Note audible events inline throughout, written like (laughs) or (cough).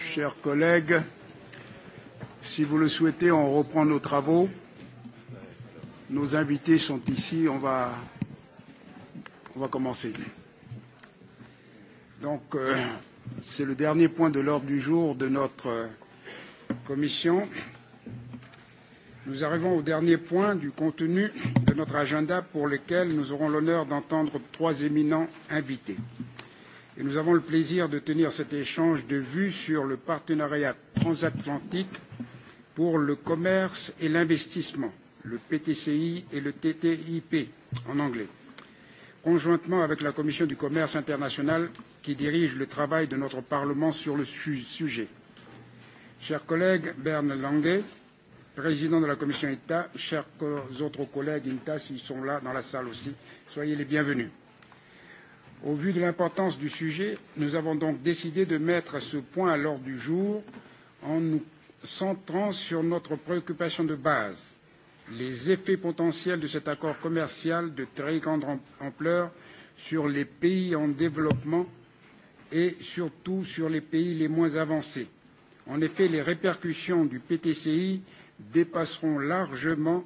Chers collègues, si vous le souhaitez, on reprend nos travaux. Nos invités sont ici, on va, on va commencer. Donc, euh, c'est le dernier point de l'ordre du jour de notre euh, commission. Nous arrivons au dernier point du contenu de notre agenda pour lequel nous aurons l'honneur d'entendre trois éminents invités. Euh, et nous avons le plaisir de tenir cet échange de vues sur le partenariat transatlantique pour le commerce et l'investissement, le PTCI et le TTIP en anglais, conjointement avec la Commission du commerce international qui dirige le travail de notre Parlement sur le sujet. Chers collègues, Bern Lange, président de la commission INTA, chers autres collègues INTA, s'ils sont là dans la salle aussi, soyez les bienvenus. Au vu de l'importance du sujet, nous avons donc décidé de mettre ce point à l'ordre du jour en nous centrant sur notre préoccupation de base, les effets potentiels de cet accord commercial de très grande ampleur sur les pays en développement et surtout sur les pays les moins avancés. En effet, les répercussions du PTCI dépasseront largement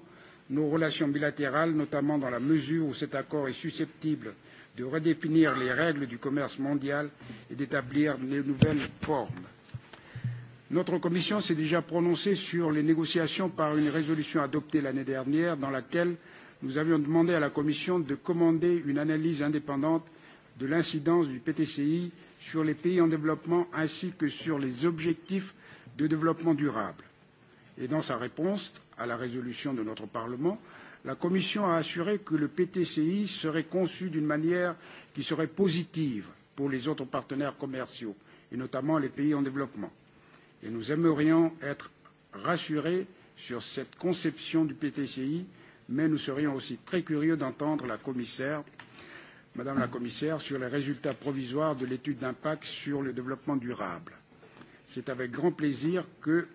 nos relations bilatérales, notamment dans la mesure où cet accord est susceptible de redéfinir les règles du commerce mondial et d'établir de nouvelles formes. Notre commission s'est déjà prononcée sur les négociations par une résolution adoptée l'année dernière dans laquelle nous avions demandé à la Commission de commander une analyse indépendante de l'incidence du PTCI sur les pays en développement ainsi que sur les objectifs de développement durable. Et dans sa réponse à la résolution de notre Parlement, La Commission a assuré que le PTCI serait conçu d'une manière qui serait positive pour les autres partenaires commerciaux, et notamment les pays en développement. Et nous aimerions être rassurés sur cette conception du PTCI, mais nous serions aussi très curieux d'entendre la commissaire, Madame la commissaire, sur les résultats provisoires de l'étude d'impact sur le développement durable. C'est avec grand plaisir que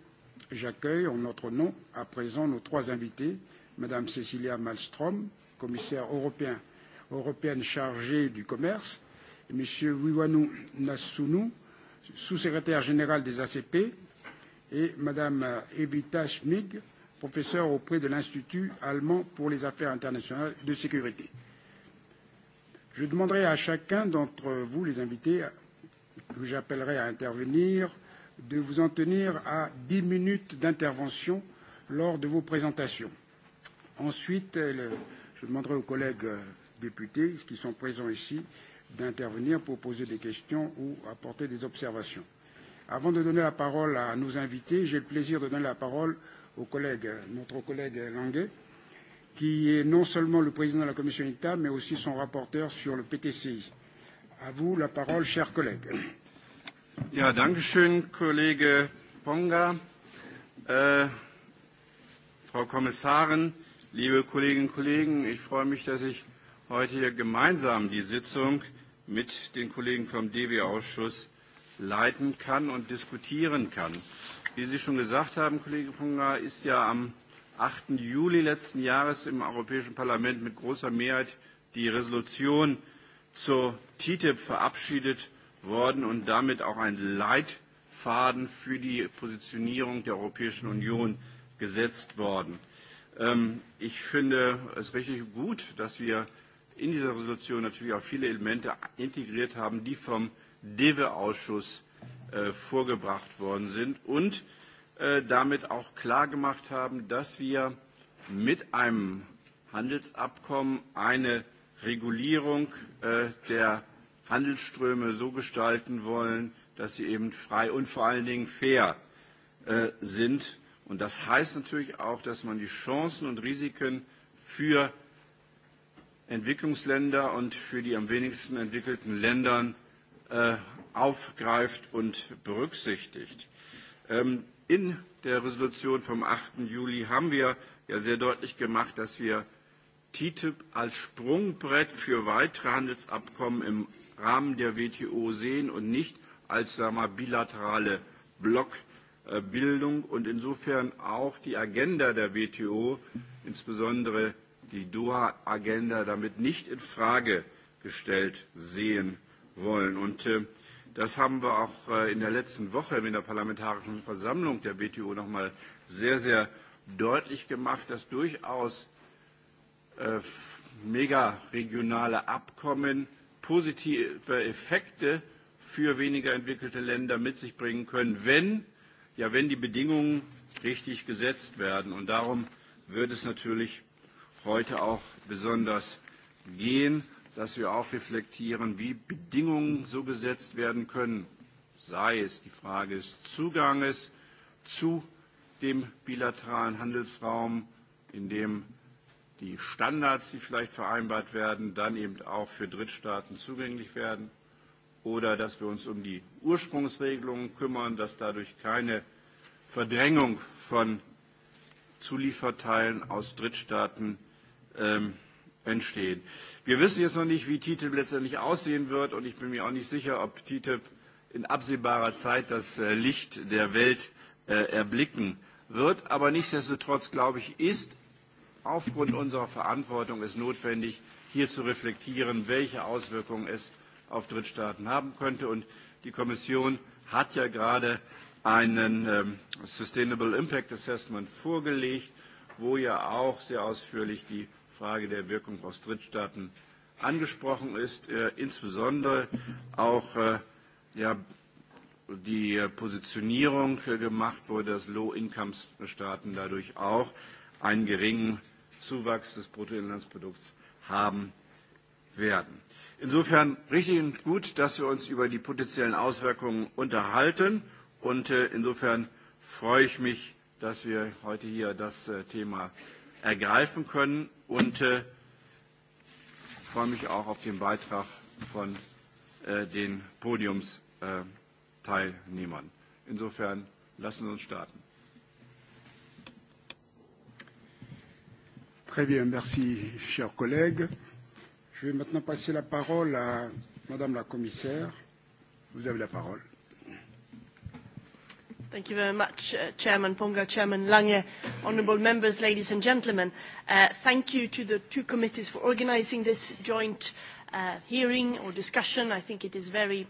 j'accueille en notre nom à présent nos trois invités Mme Cecilia Malmström, commissaire européen, européenne chargée du commerce, et M. Wiwanu Nasunu, sous-secrétaire général des ACP, et Mme Evita Schmig, professeure auprès de l'Institut allemand pour les affaires internationales de sécurité. Je demanderai à chacun d'entre vous, les invités, que j'appellerai à intervenir, de vous en tenir à 10 minutes d'intervention lors de vos présentations. Ensuite, euh, le, je demanderai aux collègues euh, députés qui sont présents ici d'intervenir pour poser des questions ou apporter des observations. Avant de donner la parole à nos invités, j'ai le plaisir de donner la parole au collègue, euh, notre collègue Languet, qui est non seulement le président de la commission ITA, mais aussi son rapporteur sur le PTCI. À vous la parole, cher collègue. Ja, danke schön, Kollege Ponga. Äh, Frau Kommissarin, Liebe Kolleginnen und Kollegen, ich freue mich, dass ich heute hier gemeinsam die Sitzung mit den Kollegen vom DW-Ausschuss leiten kann und diskutieren kann. Wie Sie schon gesagt haben, Kollege Punga, ist ja am 8. Juli letzten Jahres im Europäischen Parlament mit großer Mehrheit die Resolution zur TTIP verabschiedet worden und damit auch ein Leitfaden für die Positionierung der Europäischen Union gesetzt worden. Ähm, ich finde es richtig gut, dass wir in dieser Resolution natürlich auch viele Elemente integriert haben, die vom DEWE-Ausschuss äh, vorgebracht worden sind und äh, damit auch klar gemacht haben, dass wir mit einem Handelsabkommen eine Regulierung äh, der Handelsströme so gestalten wollen, dass sie eben frei und vor allen Dingen fair äh, sind. Und das heißt natürlich auch, dass man die Chancen und Risiken für Entwicklungsländer und für die am wenigsten entwickelten Ländern äh, aufgreift und berücksichtigt. Ähm, in der Resolution vom 8. Juli haben wir ja sehr deutlich gemacht, dass wir TTIP als Sprungbrett für weitere Handelsabkommen im Rahmen der WTO sehen und nicht als sagen wir, bilaterale Block Äh, Bildung und insofern auch die Agenda der WTO, insbesondere die Doha-Agenda, damit nicht in Frage gestellt sehen wollen. Und äh, das haben wir auch äh, in der letzten Woche in der Parlamentarischen Versammlung der WTO nochmal sehr, sehr deutlich gemacht, dass durchaus äh, megaregionale Abkommen positive Effekte für weniger entwickelte Länder mit sich bringen können, wenn ja, wenn die Bedingungen richtig gesetzt werden. Und darum wird es natürlich heute auch besonders gehen, dass wir auch reflektieren, wie Bedingungen so gesetzt werden können, sei es die Frage des Zuganges zu dem bilateralen Handelsraum, in dem die Standards, die vielleicht vereinbart werden, dann eben auch für Drittstaaten zugänglich werden oder dass wir uns um die Ursprungsregelungen kümmern, dass dadurch keine Verdrängung von Zulieferteilen aus Drittstaaten ähm, entstehen. Wir wissen jetzt noch nicht, wie TTIP letztendlich aussehen wird, und ich bin mir auch nicht sicher, ob TTIP in absehbarer Zeit das äh, Licht der Welt äh, erblicken wird. Aber nichtsdestotrotz, glaube ich, ist aufgrund unserer Verantwortung es notwendig, hier zu reflektieren, welche Auswirkungen es auf Drittstaaten haben könnte. Und die Kommission hat ja gerade einen ähm, Sustainable Impact Assessment vorgelegt, wo ja auch sehr ausführlich die Frage der Wirkung aus Drittstaaten angesprochen ist, äh, insbesondere auch äh, ja, die äh, Positionierung äh, gemacht wurde, dass Low-Income-Staaten dadurch auch einen geringen Zuwachs des Bruttoinlandsprodukts haben werden. Insofern richtig und gut, dass wir uns über die potenziellen Auswirkungen unterhalten. Und äh, insofern freue ich mich, dass wir heute hier das äh, Thema ergreifen können. Und äh, freue mich auch auf den Beitrag von äh, den Podiumsteilnehmern. Äh, insofern lassen Sie uns starten. Très bien, merci, chers collègues. Je vais maintenant passer la parole à Madame la Commissaire. Vous avez la parole. Thank you very much, uh, Chairman Ponga, Chairman Lange, honourable members, ladies and gentlemen. Uh, thank you to the two committees for organising this joint uh, hearing or discussion. I think it is very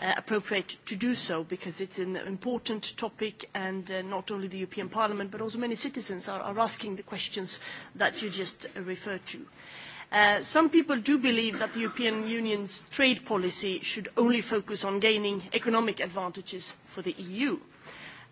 uh, appropriate to do so because it's an important topic and uh, not only the European Parliament but also many citizens are, are asking the questions that you just uh, referred to. Uh, Uh, some people do believe that the European Union's trade policy should only focus on gaining economic advantages for the EU.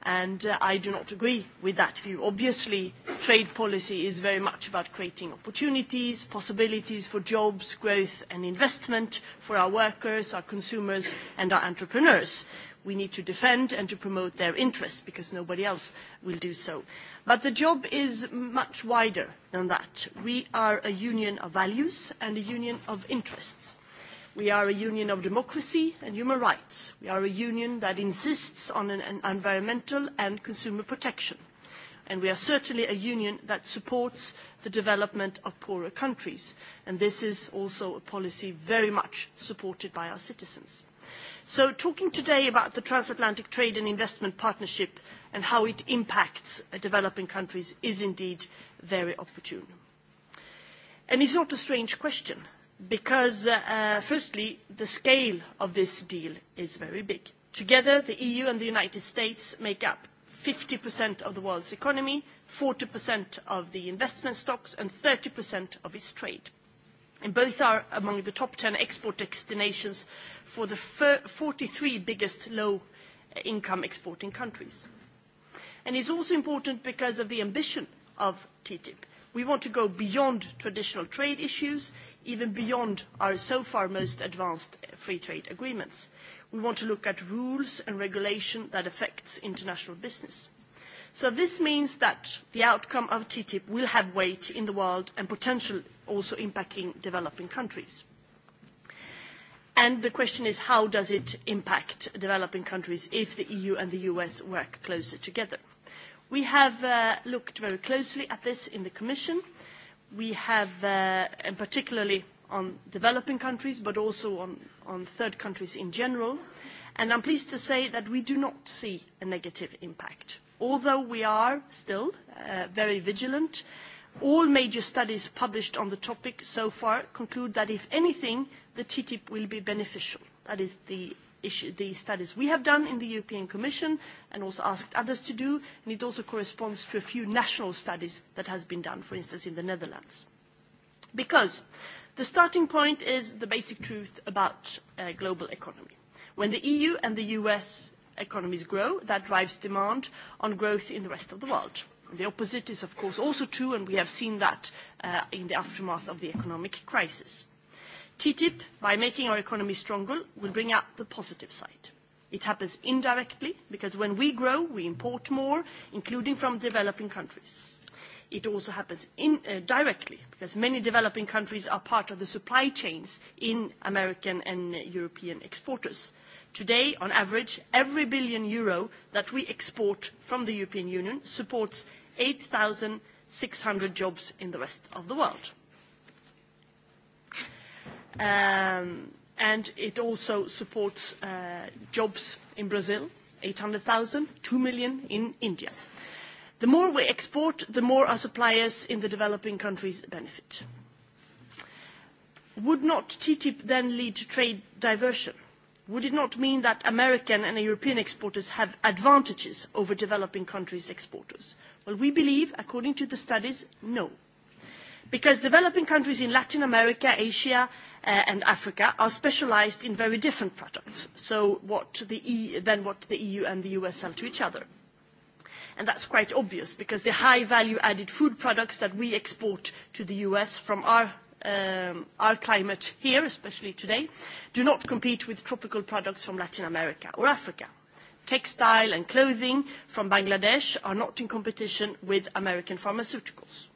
And uh, I do not agree with that view. Obviously, trade policy is very much about creating opportunities, possibilities for jobs, growth and investment for our workers, our consumers and our entrepreneurs we need to defend and to promote their interests because nobody else will do so. But the job is much wider than that. We are a union of values and a union of interests. We are a union of democracy and human rights. We are a union that insists on an, an environmental and consumer protection. And we are certainly a union that supports the development of poorer countries. And this is also a policy very much supported by our citizens So talking today about the transatlantic trade and investment partnership and how it impacts uh, developing countries is indeed very opportune. And it's not a strange question because, uh, uh firstly, the scale of this deal is very big. Together, the EU and the United States make up 50% of the world's economy, 40% of the investment stocks, and 30% of its trade and both are among the top 10 export destinations for the 43 biggest low-income exporting countries. And it's also important because of the ambition of TTIP. We want to go beyond traditional trade issues, even beyond our so far most advanced eh, free trade agreements. We want to look at rules and regulation that affects international business So this means that the outcome of TTIP will have weight in the world and potential also impacting developing countries. And the question is, how does it impact developing countries if the EU and the US work closer together? We have uh, looked very closely at this in the Commission. We have, uh, and particularly on developing countries, but also on, on third countries in general. And I'm pleased to say that we do not see a negative impact although we are still uh, very vigilant all major studies published on the topic so far conclude that if anything the ttip will be beneficial. that is the, issue, the studies we have done in the european commission and also asked others to do and it also corresponds to a few national studies that have been done for instance in the netherlands. because the starting point is the basic truth about the uh, global economy. when the eu and the US economies grow, that drives demand on growth in the rest of the world. The opposite is, of course, also true, and we have seen that uh, in the aftermath of the economic crisis. TTIP, by making our economy stronger, will bring out the positive side. It happens indirectly because when we grow, we import more, including from developing countries. It also happens in, uh, directly because many developing countries are part of the supply chains in American and European exporters today on average every billion euro that we export from the european union supports eight six hundred jobs in the rest of the world. Um, and it also supports uh, jobs in Brazil, 800,000, 2 million in India. The more we export, the more our suppliers in the developing countries benefit. Would not TTIP then lead to trade diversion? would it not mean that american and european exporters have advantages over developing countries' exporters? well we believe according to the studies no because developing countries in latin america asia uh, and africa are specialised in very different products so what the e than what the eu and the us sell to each other and that's quite obvious because the high value added food products that we export to the us from our um, our climate here, especially today, do not compete with tropical products from Latin America or Africa. Textile and clothing from Bangladesh are not in competition with American pharmaceuticals.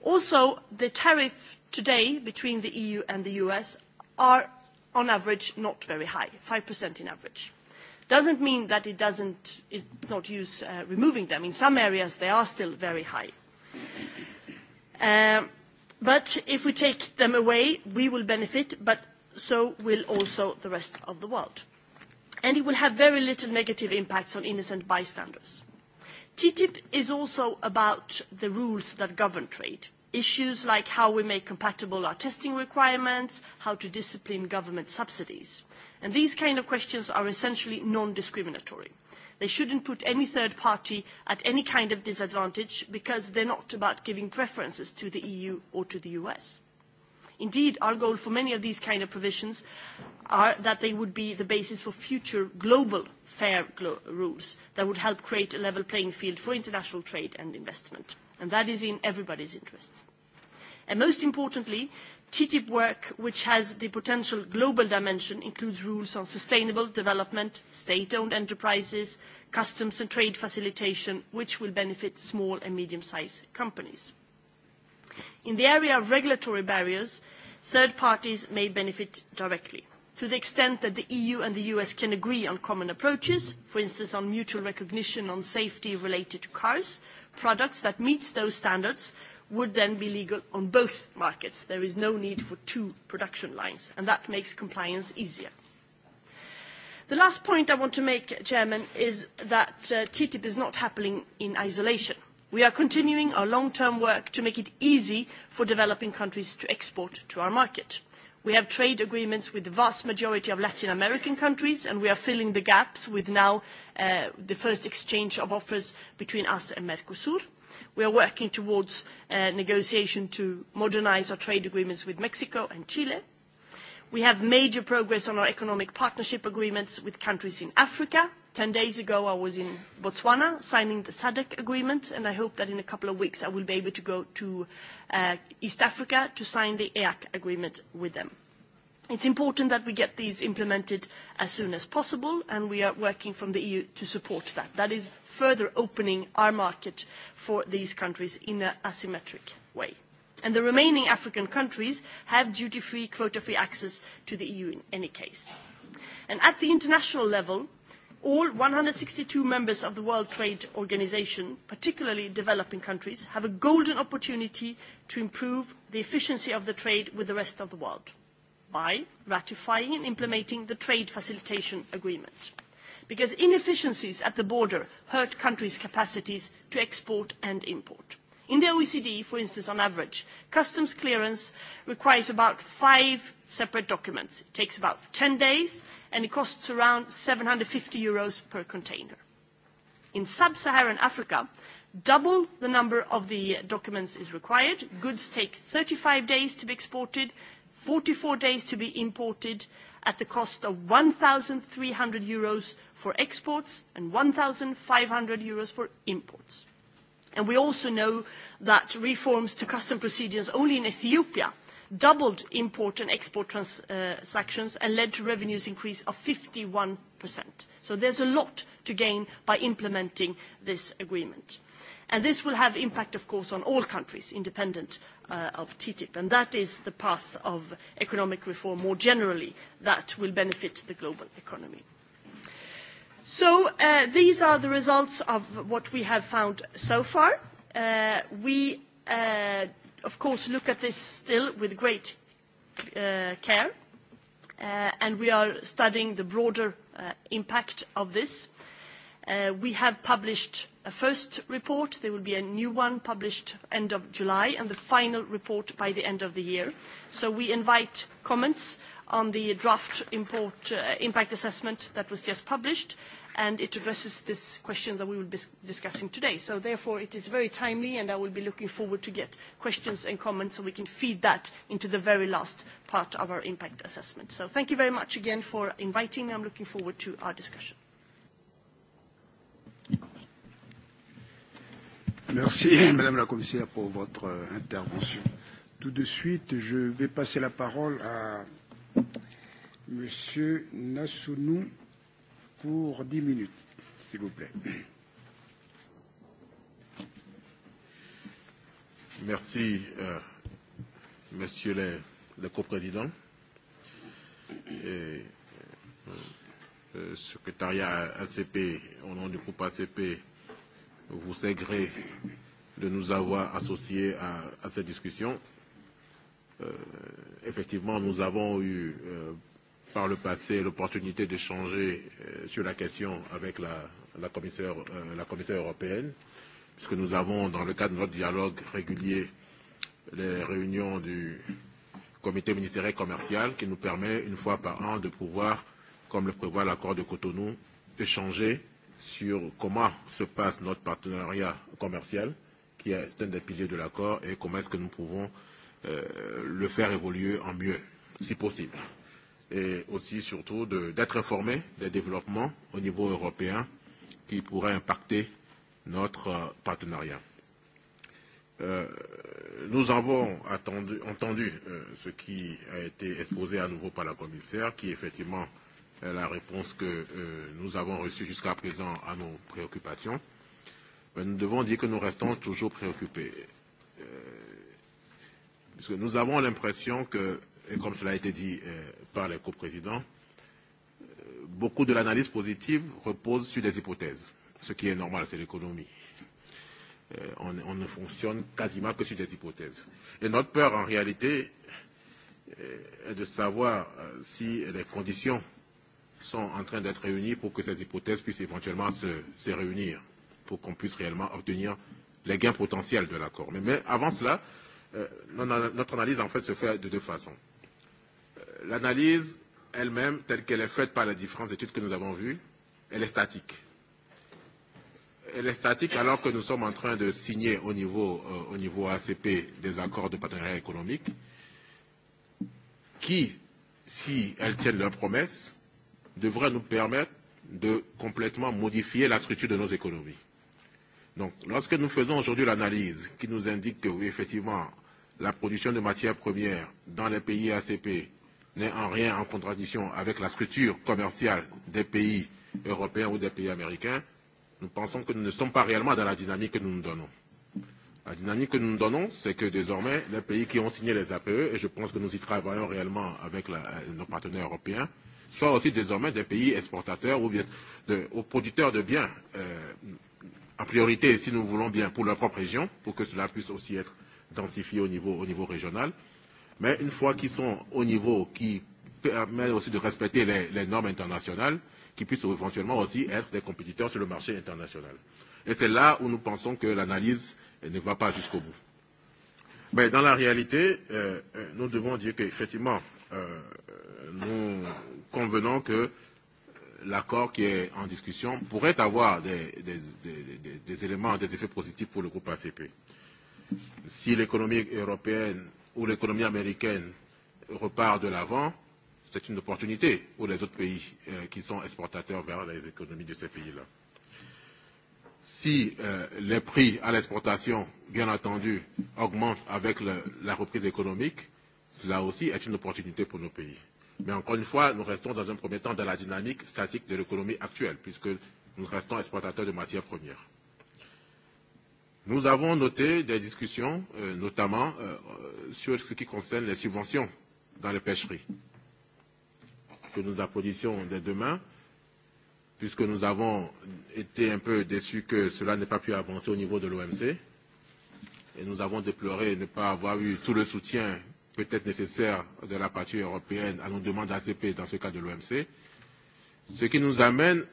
Also, the tariff today between the EU and the US are on average not very high, 5% in average doesn't mean that it doesn't is not use uh, removing them. In some areas, they are still very high. Um, But if we take them away, we will benefit, but so will also the rest of the world. And it will have very little negative impacts on innocent bystanders. TTIP is also about the rules that govern trade. Issues like how we make compatible our testing requirements, how to discipline government subsidies. And these kind of questions are essentially non-discriminatory They shouldn't put any third party at any kind of disadvantage because they're not about giving preferences to the EU or to the US. Indeed, our goal for many of these kind of provisions are that they would be the basis for future global fair glo rules that would help create a level playing field for international trade and investment. And that is in everybody's interest. And most importantly, ttip work which has the potential global dimension includes rules on sustainable development state owned enterprises customs and trade facilitation which will benefit small and medium sized companies. in the area of regulatory barriers third parties may benefit directly to the extent that the eu and the us can agree on common approaches for instance on mutual recognition on safety related to cars products that meet those standards would then be legal on both markets. There is no need for two production lines, and that makes compliance easier. The last point I want to make, Chairman, is that uh, TTIP is not happening in isolation. We are continuing our long-term work to make it easy for developing countries to export to our market. We have trade agreements with the vast majority of Latin American countries, and we are filling the gaps with now uh, the first exchange of offers between us and Mercosur. Uh, We are working towards uh, negotiation to modernize our trade agreements with Mexico and Chile. We have major progress on our economic partnership agreements with countries in Africa. Ten days ago, I was in Botswana signing the SADC agreement, and I hope that in a couple of weeks I will be able to go to uh, East Africa to sign the EAC agreement with them it is important that we get these implemented as soon as possible and we are working from the eu to support that. that is further opening our market for these countries in an asymmetric way. And the remaining african countries have duty free quota free access to the eu in any case. And at the international level all one hundred and sixty two members of the world trade organisation particularly developing countries have a golden opportunity to improve the efficiency of the trade with the rest of the world by ratifying and implementing the trade facilitation agreement because inefficiencies at the border hurt countries' capacities to export and import. in the oecd for instance on average customs clearance requires about five separate documents it takes about ten days and it costs around eur seven hundred and fifty per container. in sub saharan africa double the number of the documents is required goods take thirty five days to be exported forty four days to be imported at the cost of eur one three hundred Euros for exports and eur one five hundred Euros for imports. And we also know that reforms to custom procedures only in Ethiopia doubled import and export uh, transactions uh, and led to revenues increase of 51%. So there's a lot to gain by implementing this agreement and this will have impact of course on all countries independent uh, of ttip and that is the path of economic reform more generally that will benefit the global economy. so uh, these are the results of what we have found so far. Uh, we uh, of course look at this still with great uh, care uh, and we are studying the broader uh, impact of this Uh, we have published a first report. There will be a new one published end of July, and the final report by the end of the year. So we invite comments on the draft import, uh, impact assessment that was just published, and it addresses this question that we will be discussing today. So therefore, it is very timely, and I will be looking forward to get questions and comments so we can feed that into the very last part of our impact assessment. So thank you very much again for inviting me. I'm looking forward to our discussion. Merci, Madame la Commissaire, pour votre euh, intervention. Tout de suite, je vais passer la parole à Monsieur Nassounou pour 10 minutes, s'il vous plaît. Merci, euh, Monsieur le, le coprésident. Et, euh, euh secrétariat ACP, au nom du groupe ACP, vous sait gré de nous avoir associés à, à cette discussion. Euh, effectivement, nous avons eu euh, par le passé l'opportunité d'échanger euh, sur la question avec la, la, commissaire, euh, la commissaire européenne, puisque nous avons, dans le cadre de notre dialogue régulier, les réunions du comité ministériel commercial qui nous permet, une fois par an, de pouvoir, comme le prévoit l'accord de Cotonou, échanger euh, sur comment se passe notre partenariat commercial, qui est un des piliers de l'accord, et comment est-ce que nous pouvons euh, le faire évoluer en mieux, si possible. Et aussi, surtout, d'être de, informé des développements au niveau européen qui pourraient impacter notre euh, partenariat. Euh, nous avons attendu, entendu euh, ce qui a été exposé à nouveau par la commissaire, qui effectivement euh, euh, la réponse que euh, nous avons reçue jusqu'à présent à nos préoccupations, ben, euh, nous devons dire que nous restons toujours préoccupés. Euh, parce que nous avons l'impression que, et comme cela a été dit euh, par les coprésidents, euh, beaucoup de l'analyse positive repose sur des hypothèses. Ce qui est normal, c'est l'économie. Euh, on, on ne fonctionne quasiment que sur des hypothèses. Et notre peur, en réalité, euh, est de savoir euh, si les conditions sont en train d'être réunis pour que ces hypothèses puissent éventuellement se, se réunir, pour qu'on puisse réellement obtenir les gains potentiels de l'accord. Mais, mais avant cela, euh, notre analyse en fait se fait de deux façons. Euh, l'analyse elle-même, telle qu'elle est faite par les différentes études que nous avons vues, elle est statique. Elle est statique alors que nous sommes en train de signer au niveau, euh, au niveau ACP des accords de partenariat économique qui, si elles tiennent leurs promesses, devrait nous permettre de complètement modifier la structure de nos économies. Donc, lorsque nous faisons aujourd'hui l'analyse qui nous indique que, oui, effectivement, la production de matières premières dans les pays ACP n'est en rien en contradiction avec la structure commerciale des pays européens ou des pays américains, nous pensons que nous ne sommes pas réellement dans la dynamique que nous nous donnons. La dynamique que nous nous donnons, c'est que désormais, les pays qui ont signé les APE, et je pense que nous y travaillons réellement avec la, nos partenaires européens, soient aussi désormais des pays exportateurs ou bien de, aux producteurs de biens euh, en priorité, si nous voulons bien, pour leur propre région, pour que cela puisse aussi être densifié au niveau, au niveau régional. Mais une fois qu'ils sont au niveau qui permet aussi de respecter les, les normes internationales, qu'ils puissent éventuellement aussi être des compétiteurs sur le marché international. Et c'est là où nous pensons que l'analyse ne va pas jusqu'au bout. Mais dans la réalité, euh, euh nous devons dire qu'effectivement, euh, euh nous convenons que euh, l'accord qui est en discussion pourrait avoir des, des, des, des éléments, des effets positifs pour le groupe ACP. Si l'économie européenne ou l'économie américaine repart de l'avant, c'est une opportunité pour les autres pays euh, qui sont exportateurs vers les économies de ces pays-là. Si euh, les prix à l'exportation, bien entendu, augmentent avec le, la reprise économique, cela aussi est une opportunité pour nos pays. Euh, Mais encore une fois, nous restons dans un premier temps dans la dynamique statique de l'économie actuelle, puisque nous restons exportateurs de matières premières. Nous avons noté des discussions, euh, notamment euh, euh sur ce qui concerne les subventions dans les pêcheries, que nous applaudissions dès demain, puisque nous avons été un peu déçus que cela n'ait pas pu avancer au niveau de l'OMC, et nous avons déploré ne pas avoir eu tout le soutien peut-être nécessaire de la partie européenne à nos demandes ACP dans ce cas de l'OMC, ce qui nous amène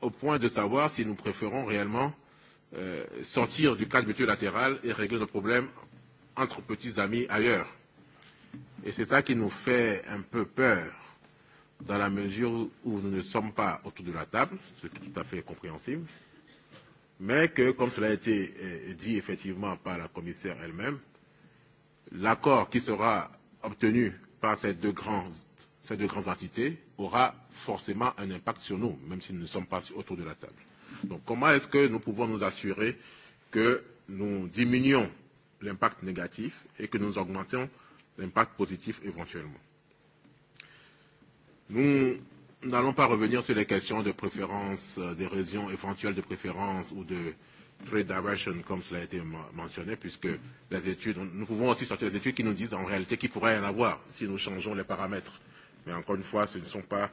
au point de savoir si nous préférons réellement euh, sortir du cadre multilatéral et régler nos problèmes entre petits amis ailleurs. Et c'est ça qui nous fait un peu peur, dans la mesure où nous ne sommes pas autour de la table, ce qui est tout à fait compréhensible, mais que, comme cela a été euh, dit effectivement par la commissaire elle-même, l'accord qui sera obtenu par ces deux, grands, ces deux grandes entités aura forcément un impact sur nous, même si nous ne sommes pas autour de la table. Donc comment est-ce que nous pouvons nous assurer que nous diminuons l'impact négatif et que nous augmentions l'impact positif éventuellement Nous n'allons pas revenir sur les questions de préférence, euh, d'érosion éventuelle de préférence ou de euh, redirection, comme cela a été mentionné, puisque les études, nous pouvons aussi sortir des études qui nous disent en réalité qu'il pourrait y en avoir si nous changeons les paramètres. Mais encore une fois, ce ne sont pas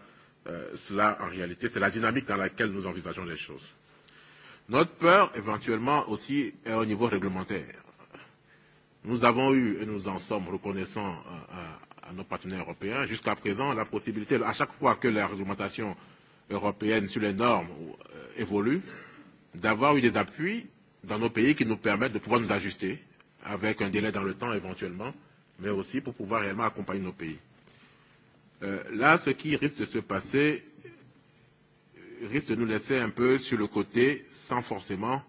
euh, cela en réalité, c'est la dynamique dans laquelle nous envisageons les choses. Notre peur, éventuellement, aussi est au niveau réglementaire. Nous avons eu, et nous en sommes reconnaissants à, euh, à, euh, à nos partenaires européens, jusqu'à présent, la possibilité, à chaque fois que la réglementation européenne sur les normes euh, évolue, euh, d'avoir eu des appuis dans nos pays qui nous permettent de pouvoir nous ajuster avec un délai dans le temps éventuellement, mais aussi pour pouvoir réellement accompagner nos pays. Euh, là, ce qui risque de se passer euh, risque de nous laisser un peu sur le côté sans forcément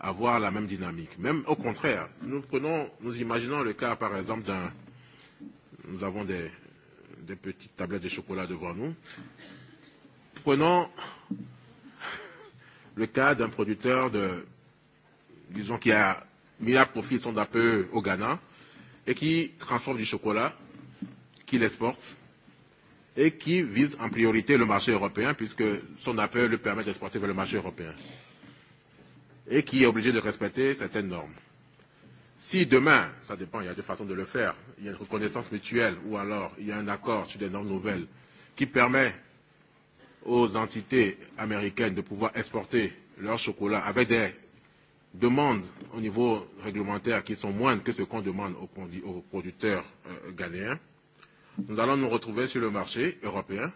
avoir la même dynamique. Même au contraire, nous prenons, nous imaginons le cas par exemple d'un, nous avons des, des petites tablettes de chocolat devant nous. Prenons le cas d'un producteur de, disons, qui a mis à profit son DAPE au Ghana et qui transforme du chocolat, qui l'exporte et qui vise en priorité le marché européen puisque son DAPE le permet d'exporter vers le marché européen et qui est obligé de respecter certaines normes. Si demain, ça dépend, il y a deux façons de le faire, il y a une reconnaissance mutuelle ou alors il y a un accord sur des normes nouvelles qui permet aux entités américaines de pouvoir exporter leur chocolat avec des demandes au niveau réglementaire qui sont moindres que ce qu'on demande aux, produ aux producteurs euh, ghanéens, nous allons nous retrouver sur le marché européen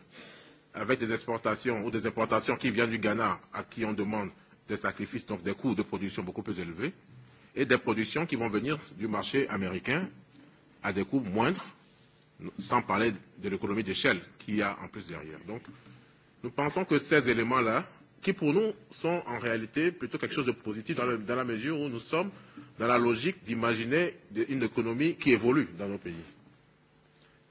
avec des exportations ou des importations qui viennent du Ghana à qui on demande des sacrifices, donc des coûts de production beaucoup plus élevés, et des productions qui vont venir du marché américain à des coûts moindres, sans parler de l'économie d'échelle qu'il y a en plus derrière. Donc, euh, Nous pensons que ces éléments-là, qui pour nous sont en réalité plutôt quelque chose de positif dans, le, dans la mesure où nous sommes dans la logique d'imaginer une économie qui évolue dans nos pays.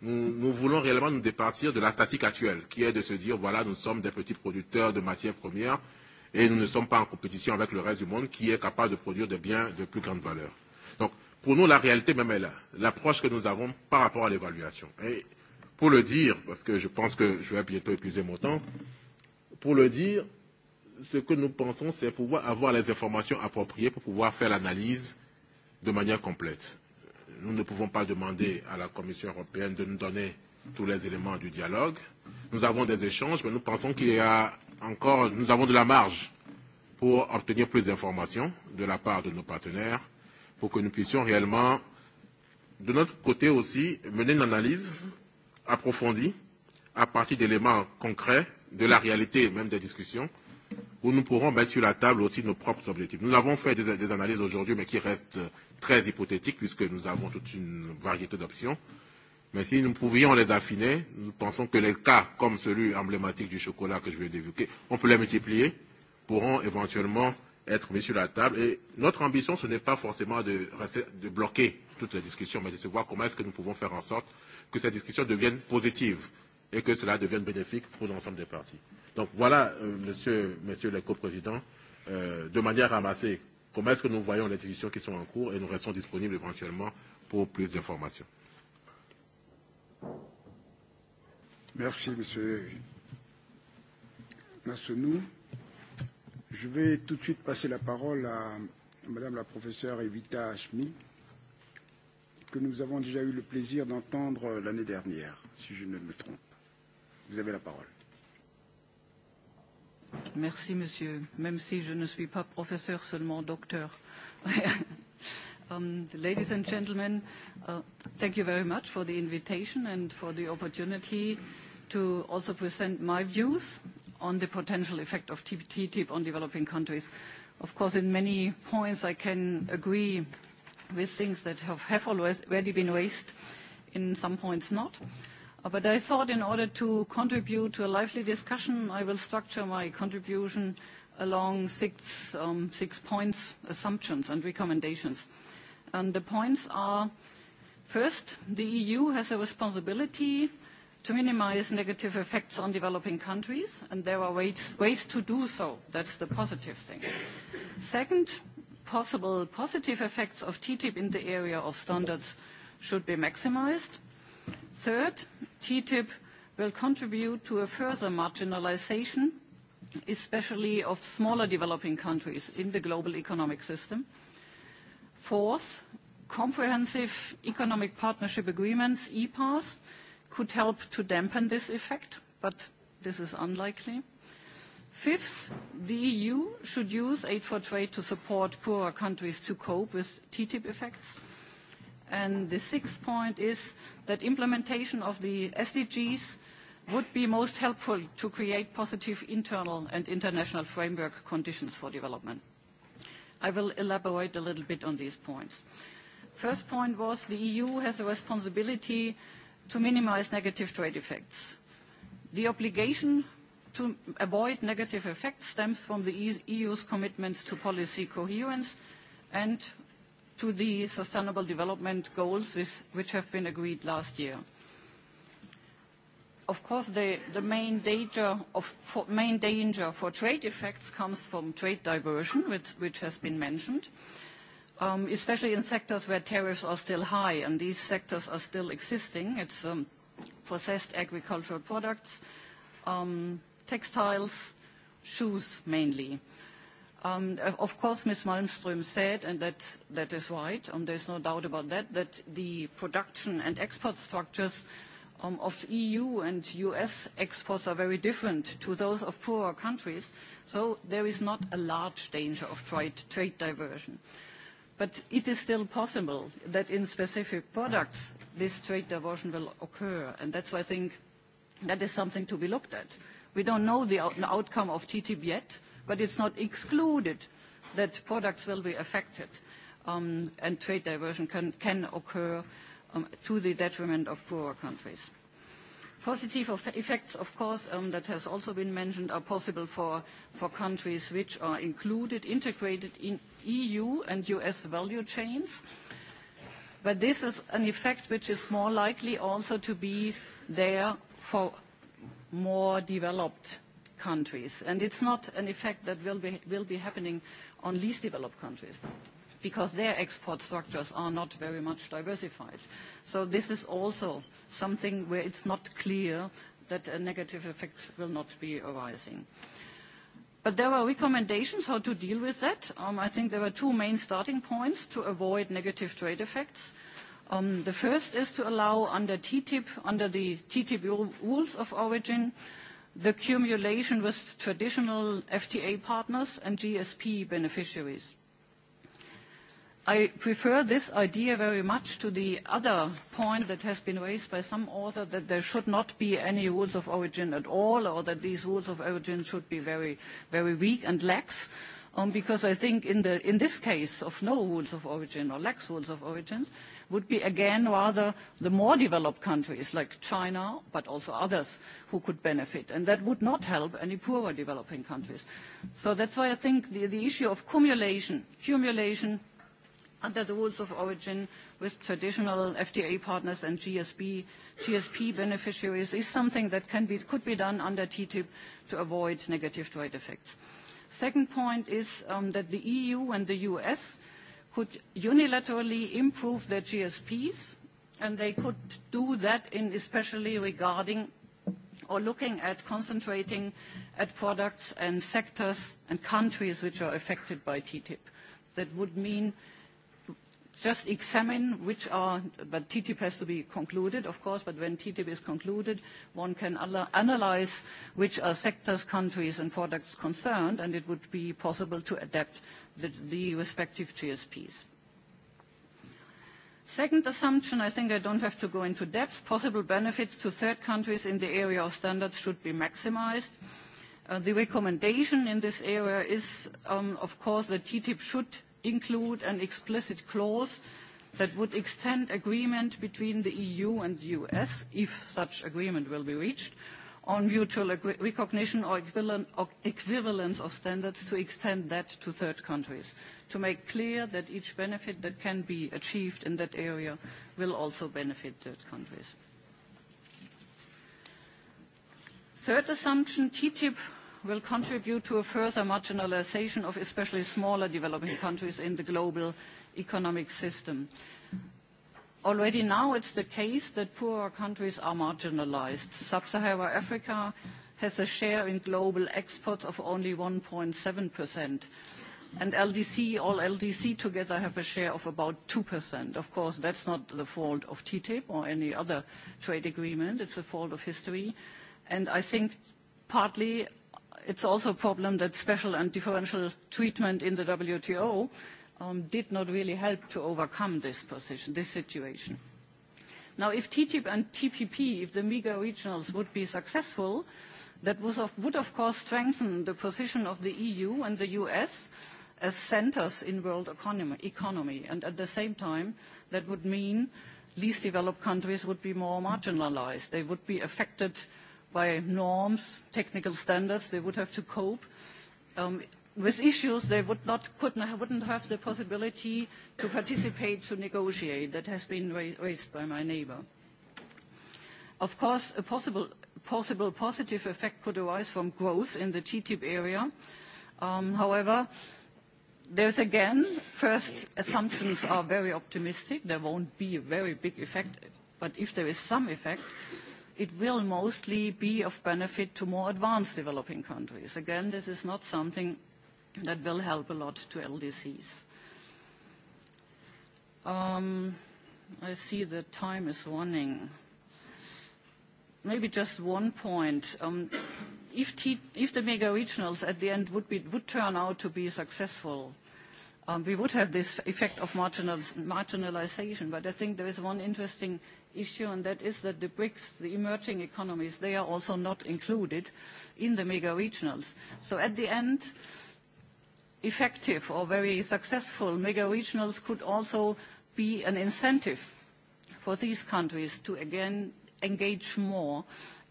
Nous, nous voulons réellement nous départir de la statique actuelle, qui est de se dire, voilà, nous sommes des petits producteurs de matières premières et nous ne sommes pas en compétition avec le reste du monde qui est capable de produire des biens de plus grande valeur. Donc, pour nous, la réalité même est là, l'approche que nous avons par rapport à l'évaluation. Et Pour le dire, parce que je pense que je vais bientôt épuiser mon temps, pour le dire, ce que nous pensons, c'est pouvoir avoir les informations appropriées pour pouvoir faire l'analyse de manière complète. Nous ne pouvons pas demander à la Commission européenne de nous donner tous les éléments du dialogue. Nous avons des échanges, mais nous pensons qu'il y a encore, nous avons de la marge pour obtenir plus d'informations de la part de nos partenaires, pour que nous puissions réellement, de notre côté aussi, mener une analyse approfondie à partir d'éléments concrets, de la réalité même des discussions, où nous pourrons mettre sur la table aussi nos propres objectifs. Nous avons fait des, des analyses aujourd'hui, mais qui restent très hypothétiques, puisque nous avons toute une variété d'options. Mais si nous pouvions les affiner, nous pensons que les cas comme celui emblématique du chocolat que je viens d'évoquer, on peut les multiplier, pourront éventuellement être mis sur la table. Et notre ambition, ce n'est pas forcément de, de bloquer toutes les discussions, mais de se voir comment est-ce que nous pouvons faire en sorte que cette discussion devienne positive et que cela devienne bénéfique pour l'ensemble des parties. Donc voilà, euh, monsieur, monsieur le coprésident, euh, de manière ramassée, comment est-ce que nous voyons les discussions qui sont en cours et nous restons disponibles éventuellement pour plus d'informations. Merci, monsieur Massounou. Je vais tout de suite passer la parole à madame la professeure Evita Schmidt que nous avons déjà eu le plaisir d'entendre l'année dernière, si je ne me trompe. Vous avez la parole. Merci, monsieur. Même si je ne suis pas professeur, seulement docteur. um, ladies and gentlemen, uh, thank you very much for the invitation and for the opportunity to also present my views on the potential effect of TTIP on developing countries. Of course, in many points I can agree with things that have, have already been raised, in some points not. Uh, but I thought in order to contribute to a lively discussion, I will structure my contribution along six, um, six points, assumptions and recommendations. And the points are, first, the EU has a responsibility to minimize negative effects on developing countries, and there are ways, ways to do so. That's the positive thing. Second, possible positive effects of TTIP in the area of standards should be maximized. Third, TTIP will contribute to a further marginalization, especially of smaller developing countries in the global economic system. Fourth, comprehensive economic partnership agreements, EPAs, could help to dampen this effect, but this is unlikely. Fifth, the EU should use Aid for Trade to support poorer countries to cope with TTIP effects. And the sixth point is that implementation of the SDGs would be most helpful to create positive internal and international framework conditions for development. I will elaborate a little bit on these points. First point was the EU has a responsibility to minimize negative trade effects. The obligation to avoid negative effects stems from the EU's e commitments to policy coherence and to the Sustainable Development Goals, which have been agreed last year. Of course, the, the main, danger of, for, main danger for trade effects comes from trade diversion, which, which has been mentioned, um, especially in sectors where tariffs are still high, and these sectors are still existing. It's um, processed agricultural products, um, textiles, shoes mainly. Um, uh, of course, Ms. Malmström said, and that, that is right, um, there's no doubt about that, that the production and export structures um, of EU and US exports are very different to those of poorer countries, so there is not a large danger of trade, trade diversion. But it is still possible that in specific products, this trade diversion will occur, and that's why I think that is something to be looked at. We don't know the outcome of TTIP yet, but it's not excluded that products will be affected, um, and trade diversion can, can occur um, to the detriment of poorer countries. Positive effects, of course, um, that has also been mentioned, are possible for, for countries which are included, integrated in EU and U.S. value chains. But this is an effect which is more likely also to be there for more developed countries. And it's not an effect that will be, will be happening on least developed countries because their export structures are not very much diversified. So this is also something where it's not clear that a negative effect will not be arising. But there are recommendations how to deal with that. Um, I think there are two main starting points to avoid negative trade effects. Uh, Um, the first is to allow under TTIP, under the TTIP rules of origin, the cumulation with traditional FTA partners and GSP beneficiaries. I prefer this idea very much to the other point that has been raised by some author, that there should not be any rules of origin at all, or that these rules of origin should be very, very weak and lax um, because I think in, the, in this case of no rules of origin or lax rules of origins would be again rather the more developed countries like China, but also others who could benefit. And that would not help any poorer developing countries. So that's why I think the, the issue of cumulation, cumulation under the rules of origin with traditional FTA partners and GSP, GSP beneficiaries is something that can be, could be done under TTIP to avoid negative trade effects. Uh, Second point is um, that the EU and the US could unilaterally improve their GSPs, and they could do that in especially regarding or looking at concentrating at products and sectors and countries which are affected by TTIP. That would mean just examine which are, but TTIP has to be concluded, of course, but when TTIP is concluded, one can analyze which are sectors, countries, and products concerned, and it would be possible to adapt the, the respective GSPs. Second assumption, I think I don't have to go into depth, possible benefits to third countries in the area of standards should be maximized. Uh, the recommendation in this area is, um, of course, that TTIP should include an explicit clause that would extend agreement between the EU and the US, if such agreement will be reached, on mutual recognition or equivalent, or equivalence of standards to extend that to third countries, to make clear that each benefit that can be achieved in that area will also benefit third countries. Third assumption, TTIP will contribute to a further marginalization of especially smaller developing countries in the global economic system. Already now it's the case that poorer countries are marginalized. Sub-Saharan Africa has a share in global exports of only 1.7%, and LDC, all LDC together have a share of about 2%. Of course, that's not the fault of TTIP or any other trade agreement. It's a fault of history. And I think partly it's also a problem that special and differential treatment in the WTO um, did not really help to overcome this position, this situation. Now, if TTIP and TPP, if the MEGA regionals would be successful, that of, would of course strengthen the position of the EU and the US as centers in world economy, economy. And at the same time, that would mean least developed countries would be more marginalized. They would be affected uh, by norms, technical standards. They would have to cope um, with issues they would not, couldn't, wouldn't have the possibility to participate, to negotiate. That has been raised by my neighbor. Of course, a possible, possible positive effect could arise from growth in the TTIP area. Um, however, there's again, first, assumptions are very optimistic. There won't be a very big effect, but if there is some effect, it will mostly be of benefit to more advanced developing countries. Again, this is not something that will help a lot to LDCs. Um, I see the time is running. Maybe just one point. Um, if, T, if the mega regionals at the end would, be, would turn out to be successful, um, we would have this effect of marginal, marginalization. But I think there is one interesting issue, and that is that the BRICS, the emerging economies, they are also not included in the mega regionals. So at the end, effective or very successful mega regionals could also be an incentive for these countries to again engage more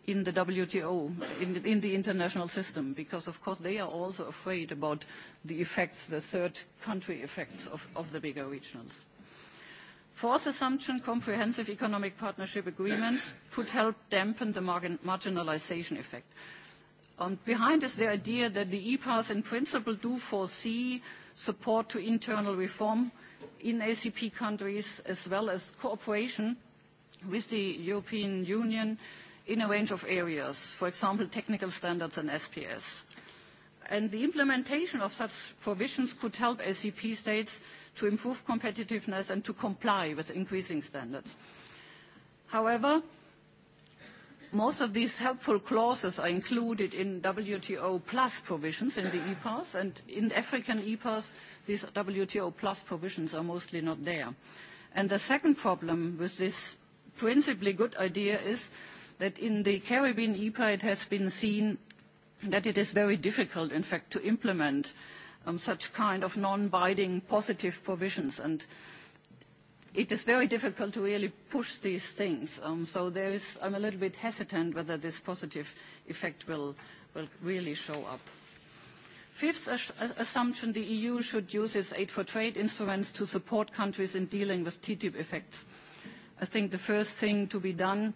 in the WTO, in the, in the international system, because of course they are also afraid about the effects, the third country effects of, of the bigger regionals. Fourth assumption, comprehensive economic partnership agreements could help dampen the marginalization effect. Um, behind is the idea that the EPAs in principle do foresee support to internal reform in ACP countries, as well as cooperation with the European Union in a range of areas, for example, technical standards and SPS. And the implementation of such provisions could help ACP states to improve competitiveness and to comply with increasing standards. However, most of these helpful clauses are included in WTO plus provisions in the EPAs, and in African EPAs, these WTO plus provisions are mostly not there. And the second problem with this principally good idea is that in the Caribbean EPA, it has been seen that it is very difficult, in fact, to implement uh, um, such kind of non-binding positive provisions. And it is very difficult to really push these things. Um, so there is, I'm a little bit hesitant whether this positive effect will, will really show up. Fifth assumption, the EU should use its aid for trade instruments to support countries in dealing with TTIP effects. I think the first thing to be done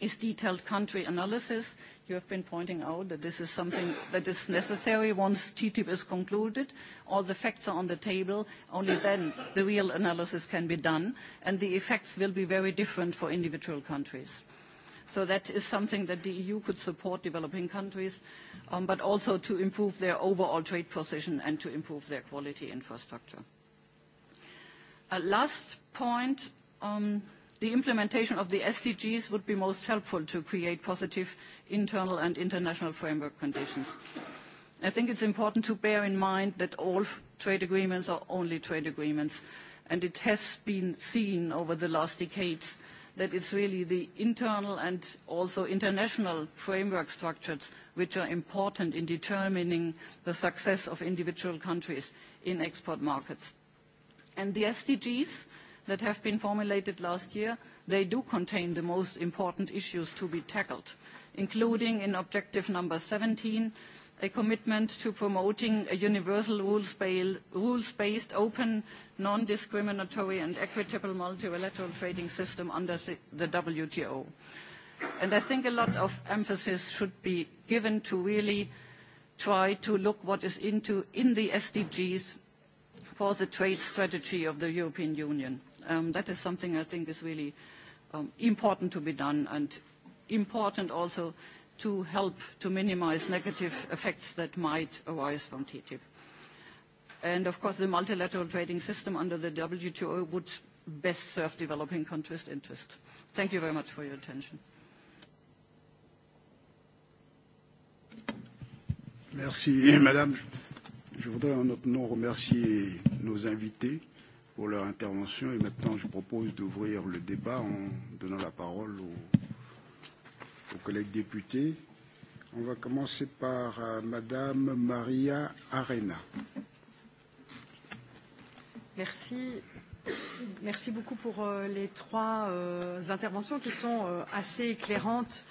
is detailed country analysis You have been pointing out that this is something that is necessary once TTIP is concluded. All the facts are on the table. Only then the real analysis can be done, and the effects will be very different for individual countries. So that is something that the EU could support developing countries, um, but also to improve their overall trade position and to improve their quality infrastructure. Uh, last point, um, the implementation of the SDGs would be most helpful to create positive internal and international framework conditions. I think it's important to bear in mind that all trade agreements are only trade agreements, and it has been seen over the last decades that it's really the internal and also international framework structures which are important in determining the success of individual countries in export markets. And the SDGs that have been formulated last year, they do contain the most important issues to be tackled, including in objective number 17, a commitment to promoting a universal rules-based, open, non-discriminatory, and equitable multilateral trading system under the WTO. And I think a lot of emphasis should be given to really try to look what is into, in the SDGs for the trade strategy of the European Union. Um, that is something I think is really um, important to be done and important also to help to minimize negative effects that might arise from TTIP. And of course, the multilateral trading system under the WTO would best serve developing countries' interest. Thank you very much for your attention. Merci, madame. Je voudrais en notre nom remercier nos invités pour leur intervention. Et maintenant, je propose d'ouvrir le débat en donnant la parole aux, aux collègues députés. On va commencer par euh, Madame Maria Arena. Merci. Merci beaucoup pour euh, les trois euh, interventions qui sont euh, assez éclairantes.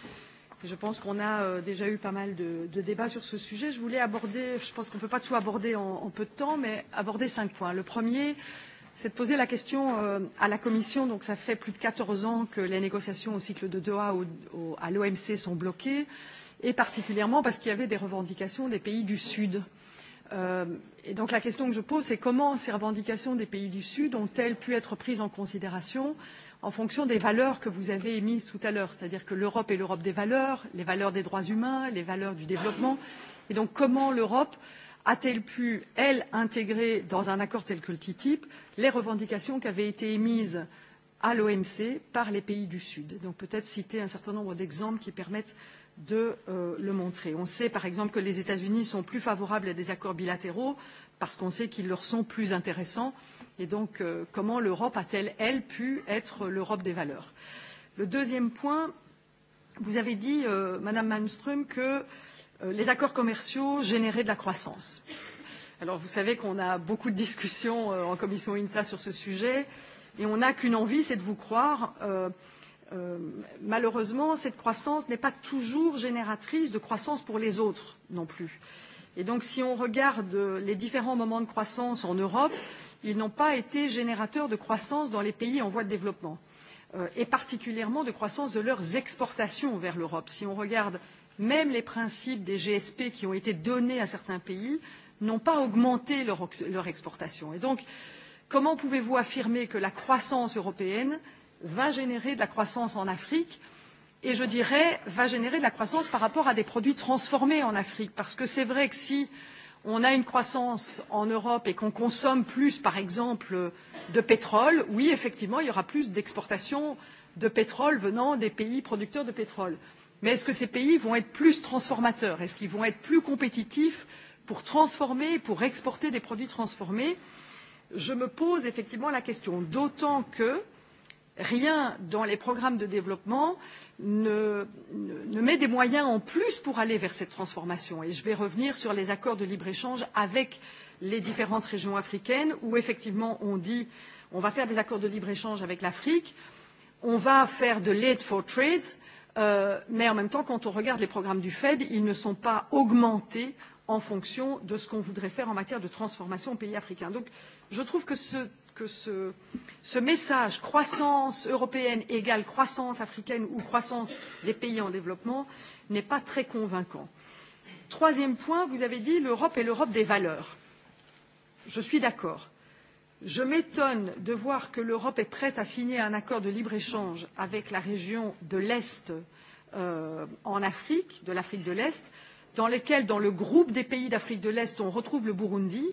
Je pense qu'on a euh, déjà eu pas mal de, de débats sur ce sujet. Je voulais aborder, je pense qu'on ne peut pas tout aborder en, en peu de temps, mais aborder cinq points. Le premier, euh, c'est de poser la question euh, à la Commission. Donc, ça fait plus de 14 ans que les négociations au cycle de Doha au, au, à l'OMC sont bloquées, et particulièrement parce qu'il y avait des revendications des pays du Sud. Euh, et donc, la question que je pose, c'est comment ces revendications des pays du Sud ont-elles pu être prises en considération en fonction des valeurs que vous avez émises tout à l'heure, c'est-à-dire que l'Europe est l'Europe des valeurs, les valeurs des droits humains, les valeurs du développement, et donc comment l'Europe euh, a-t-elle pu, elle, intégrer dans un accord tel que le TTIP les revendications qui avaient été émises à l'OMC par les pays du Sud Donc peut-être citer un certain nombre d'exemples qui permettent de euh, le montrer. On sait par exemple que les États-Unis sont plus favorables à des accords bilatéraux parce qu'on sait qu'ils leur sont plus intéressants. Et donc euh, comment l'Europe a-t-elle, elle, pu être l'Europe des valeurs Le deuxième point, vous avez dit, euh, Madame Malmström, que euh, Euh, les accords commerciaux générer de la croissance. Alors vous savez qu'on a beaucoup de discussions euh, en commission INTA sur ce sujet et on n'a qu'une envie, c'est de vous croire. Euh, euh, malheureusement, cette croissance n'est pas toujours génératrice de croissance pour les autres non plus. Et donc si on regarde les différents moments de croissance en Europe, ils n'ont pas été générateurs de croissance dans les pays en voie de développement euh, et particulièrement de croissance de leurs exportations vers l'Europe. Si on regarde même les principes des GSP qui ont été donnés à certains pays n'ont pas augmenté leur, leur exportation. Et donc, comment pouvez-vous affirmer que la croissance européenne va générer de la croissance en Afrique et je dirais va générer de la croissance par rapport à des produits transformés en Afrique parce que c'est vrai que si on a une croissance en Europe et qu'on consomme plus, par exemple, de pétrole, oui, effectivement, il y aura plus d'exportations de pétrole venant des pays producteurs de pétrole mais est-ce que ces pays vont être plus transformateurs Est-ce qu'ils vont être plus compétitifs pour transformer, pour exporter des produits transformés Je me pose effectivement la question, d'autant que rien dans les programmes de développement ne, ne, ne met des moyens en plus pour aller vers cette transformation. Et je vais revenir sur les accords de libre-échange avec les différentes régions africaines où effectivement on dit on va faire des accords de libre-échange avec l'Afrique, on va faire de l'aid for trade, euh, Euh, mais en même temps, quand on regarde les programmes du Fed, ils ne sont pas augmentés en fonction de ce qu'on voudrait faire en matière de transformation aux pays africains. Donc, je trouve que ce, que ce, ce message croissance européenne égale croissance africaine ou croissance des pays en développement n'est pas très convaincant. Troisième point, vous avez dit l'Europe est l'Europe des valeurs. Je suis d'accord je m'étonne de voir que l'europe est prête à signer un accord de libre échange avec la région de l'est euh, en afrique de l'afrique de l'est dans lequel dans le groupe des pays d'afrique de l'est on retrouve le burundi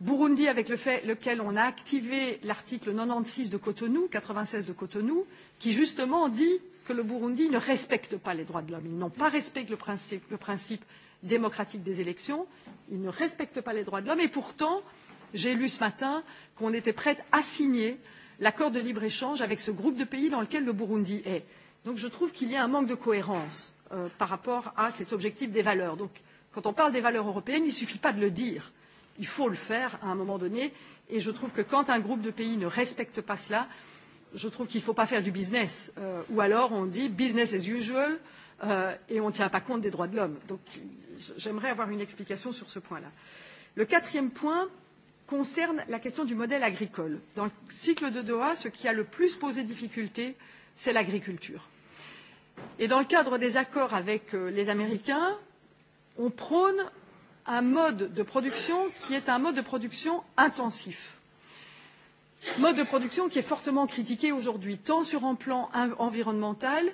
burundi avec le fait, lequel on a activé l'article quatre vingt seize de cotonou qui justement dit que le burundi ne respecte pas les droits de l'homme. ils n'ont pas respecté le principe, le principe démocratique des élections ils ne respectent pas les droits de l'homme et pourtant ils J'ai lu ce matin qu'on était prête à signer l'accord de libre échange avec ce groupe de pays dans lequel le Burundi est. Donc je trouve qu'il y a un manque de cohérence euh, par rapport à cet objectif des valeurs. Donc quand on parle des valeurs européennes, il ne suffit pas de le dire. Il faut le faire à un moment donné. Et je trouve que quand un groupe de pays ne respecte pas cela, je trouve qu'il ne faut pas faire du business. Euh, ou alors on dit business as usual euh, et on ne tient pas compte des droits de l'homme. Donc j'aimerais avoir une explication sur ce point-là. Le quatrième point, euh, concerne la question du modèle agricole. Dans le cycle de Doha, ce qui a le plus posé difficulté, c'est l'agriculture. Et dans le cadre des accords avec euh, les Américains, on prône un mode de production qui est un mode de production intensif. Mode de production qui est fortement critiqué aujourd'hui, tant sur un plan environnemental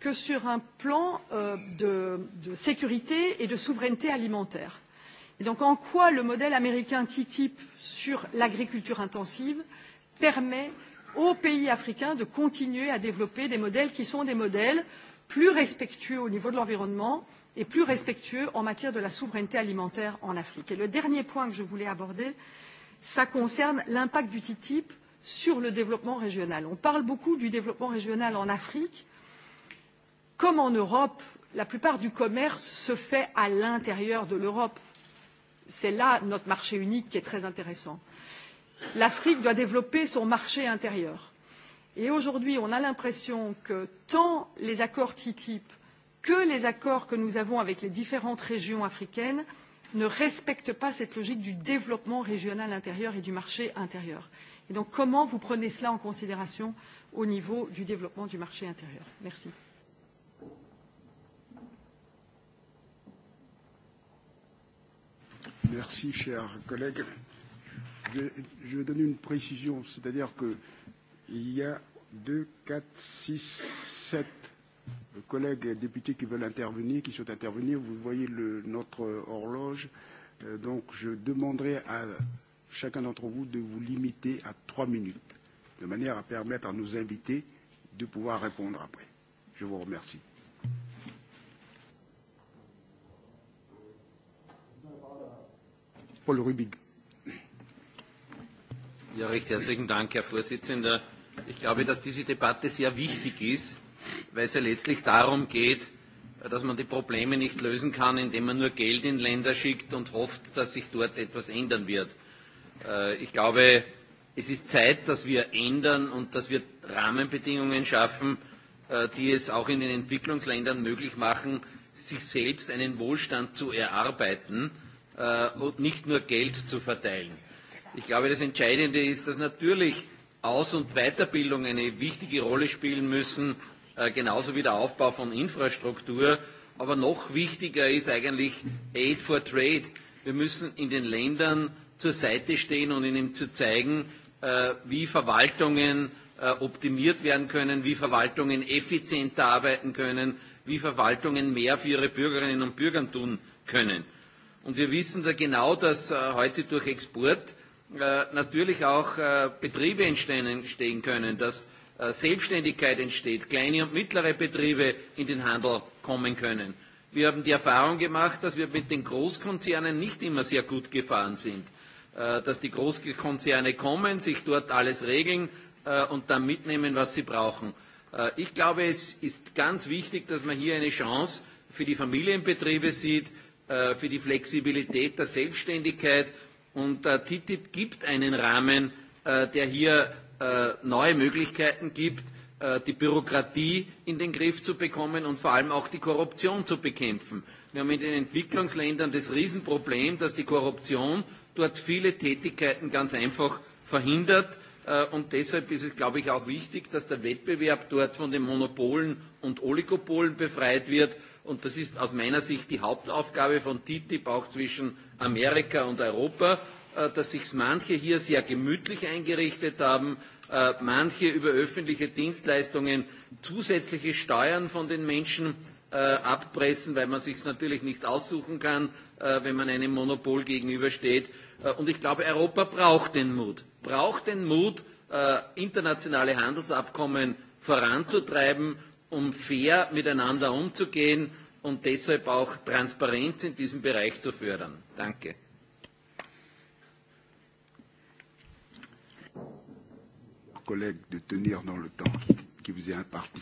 que sur un plan euh, de, de sécurité et de souveraineté alimentaire Et donc en quoi le modèle américain TTIP sur l'agriculture intensive permet aux pays africains de continuer à développer des modèles qui sont des modèles plus respectueux au niveau de l'environnement et plus respectueux en matière de la souveraineté alimentaire en Afrique. Et le dernier point que je voulais aborder, ça concerne l'impact du TTIP sur le développement régional. On parle beaucoup du développement régional en Afrique. Comme en Europe, la plupart du commerce se fait à l'intérieur de l'Europe c'est là notre marché unique qui est très intéressant. L'Afrique doit développer son marché intérieur. Et aujourd'hui, on a l'impression que tant les accords TTIP que les accords que nous avons avec les différentes régions africaines ne respectent pas cette logique du développement régional intérieur et du marché intérieur. Et donc, comment vous prenez cela en considération au niveau du développement du marché intérieur Merci. Merci, cher collègue. Je, je vais donner une précision, c'est-à-dire qu'il y a 2, 4, 6, 7 collègues députés qui veulent intervenir, qui souhaitent intervenir. Vous voyez le, notre horloge. Euh, donc, je demanderai à chacun d'entre vous de vous limiter à 3 minutes, de manière à permettre à nos invités de pouvoir répondre après. Je vous remercie. Paul Rübig. Ja, recht herzlichen Dank, Herr Vorsitzender. Ich glaube, dass diese Debatte sehr wichtig ist, weil es ja letztlich darum geht, dass man die Probleme nicht lösen kann, indem man nur Geld in Länder schickt und hofft, dass sich dort etwas ändern wird. Äh, ich glaube, es ist Zeit, dass wir ändern und dass wir Rahmenbedingungen schaffen, äh, die es auch in den Entwicklungsländern möglich machen, sich selbst einen Wohlstand zu erarbeiten äh, und nicht nur Geld zu verteilen. Ich glaube, das Entscheidende ist, dass natürlich Aus- und Weiterbildung eine wichtige Rolle spielen müssen, äh, genauso wie der Aufbau von Infrastruktur. Aber noch wichtiger ist eigentlich Aid for Trade. Wir müssen in den Ländern zur Seite stehen und ihnen zu zeigen, äh, wie Verwaltungen äh, optimiert werden können, wie Verwaltungen effizienter arbeiten können, wie Verwaltungen mehr für ihre Bürgerinnen und Bürger tun können. Und wir wissen da genau, dass äh, heute durch Export äh, natürlich auch äh, Betriebe entstehen, entstehen können, dass äh, Selbstständigkeit entsteht, kleine und mittlere Betriebe in den Handel kommen können. Wir haben die Erfahrung gemacht, dass wir mit den Großkonzernen nicht immer sehr gut gefahren sind, äh, dass die Großkonzerne kommen, sich dort alles regeln äh, und dann mitnehmen, was sie brauchen. Äh, ich glaube, es ist ganz wichtig, dass man hier eine Chance für die Familienbetriebe sieht, Äh, für die Flexibilität der Selbstständigkeit. Und äh, TTIP gibt einen Rahmen, äh, der hier äh, neue Möglichkeiten gibt, äh, die Bürokratie in den Griff zu bekommen und vor allem auch die Korruption zu bekämpfen. Wir haben in den Entwicklungsländern das Riesenproblem, dass die Korruption dort viele Tätigkeiten ganz einfach verhindert. Äh, und deshalb ist es, glaube ich, auch wichtig, dass der Wettbewerb dort von den Monopolen und Oligopolen befreit wird. Und das ist aus meiner Sicht die Hauptaufgabe von TTIP auch zwischen Amerika und Europa, äh, dass sich manche hier sehr gemütlich eingerichtet haben, äh, manche über öffentliche Dienstleistungen zusätzliche Steuern von den Menschen äh, abpressen, weil man sich natürlich nicht aussuchen kann, äh, wenn man einem Monopol gegenübersteht. Äh, und ich glaube, Europa braucht den Mut, braucht den Mut, äh, internationale Handelsabkommen voranzutreiben, um fair miteinander umzugehen und deshalb auch Transparenz in diesem Bereich zu fördern. Danke. collègues de tenir dans le temps qui, qui vous est imparti.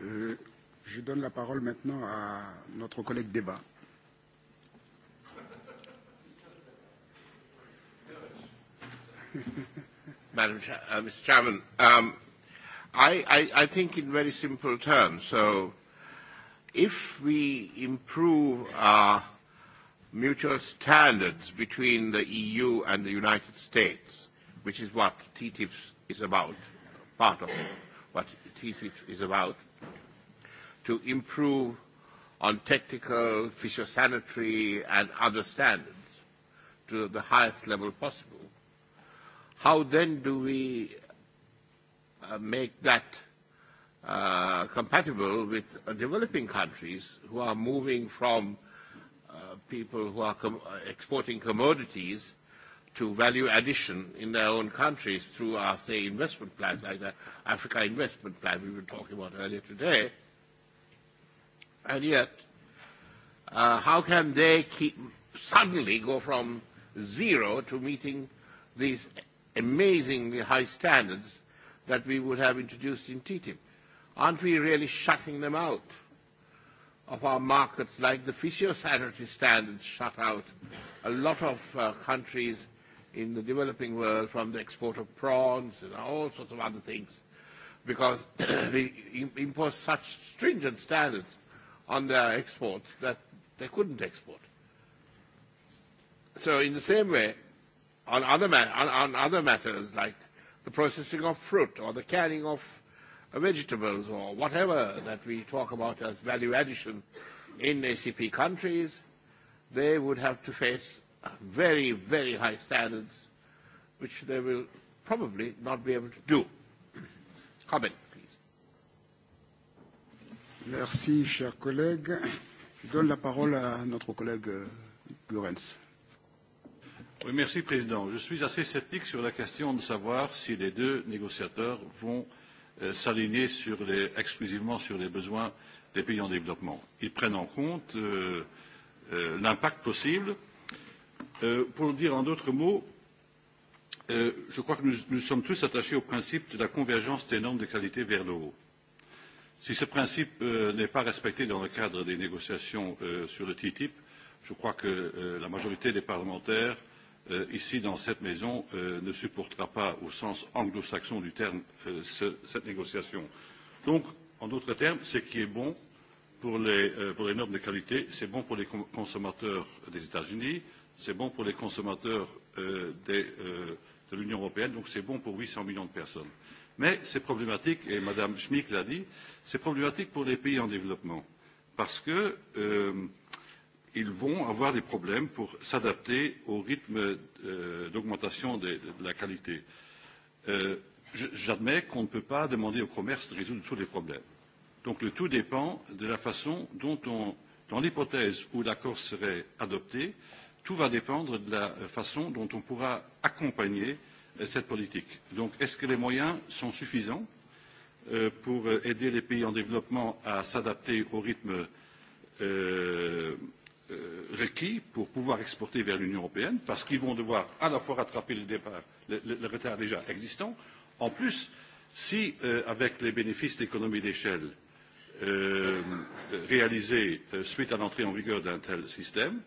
Euh, Je donne la parole maintenant à notre collègue Débat. (laughs) Madam Cha uh, Mr. Chairman, um, I, I, I think in very simple terms. So, if we improve our mutual standards between the EU and the United States, which is what TTIP is about, part of what TTIP is about, to improve on technical, phytosanitary, and other standards to the highest level possible, how then do we uh, make that uh, compatible with uh, developing countries who are moving from uh, people who are com- exporting commodities to value addition in their own countries through our, say, investment plans like the Africa Investment Plan we were talking about earlier today, uh, And yet, uh, how can they keep, suddenly go from zero to meeting these amazingly high standards that we would have introduced in TTIP? Aren't we really shutting them out of our markets like the physiosanitary standards shut out a lot of uh, countries in the developing world from the export of prawns and all sorts of other things because (clears throat) we impose such stringent standards on their exports that they couldn't export. So in the same way, on other, ma- on, on other matters like the processing of fruit or the canning of vegetables or whatever that we talk about as value addition in ACP countries, they would have to face very, very high standards, which they will probably not be able to do. Comment. Merci, cher collègue. Je donne la parole à notre collègue Goerens. Euh, oui, merci, Président. Je suis assez sceptique sur la question de savoir si les deux négociateurs vont euh, s'aligner sur les, exclusivement sur les besoins des pays en développement. Ils prennent en compte euh, euh, l'impact possible. Euh, pour le dire en d'autres mots, euh, je crois que nous, nous sommes tous attachés au principe de la convergence des normes de qualité vers le haut Si ce principe euh, n'est pas respecté dans le cadre des négociations euh, sur le TTIP, je crois que euh, la majorité des parlementaires euh, ici dans cette maison euh, ne supportera pas au sens anglo-saxon du terme euh, ce, cette négociation. Donc, en d'autres termes, ce qui est bon pour les, euh, pour les normes de qualité, c'est bon pour les com consommateurs des États-Unis, c'est bon pour les consommateurs euh, des, euh, de l'Union européenne, donc c'est bon pour 800 millions de personnes. Mais c'est problématique, et Mme Schmick l'a dit, c'est problématique pour les pays en développement, parce que euh, ils vont avoir des problèmes pour s'adapter au rythme euh, d'augmentation de, de la qualité. Euh, J'admets qu'on ne peut pas demander au commerce de résoudre tous les problèmes. Donc le tout dépend de la façon dont on, dans l'hypothèse où l'accord serait adopté, tout va dépendre de la façon dont on pourra accompagner cette politique. Donc, est-ce que les moyens sont suffisants euh, pour aider les pays en développement à s'adapter au rythme euh, euh, requis pour pouvoir exporter vers l'Union européenne Parce qu'ils vont devoir à la fois rattraper le, départ, le, le, le retard déjà existant. En plus, si euh, avec les bénéfices d'économie d'échelle euh, réalisés euh, suite à l'entrée en vigueur d'un tel système,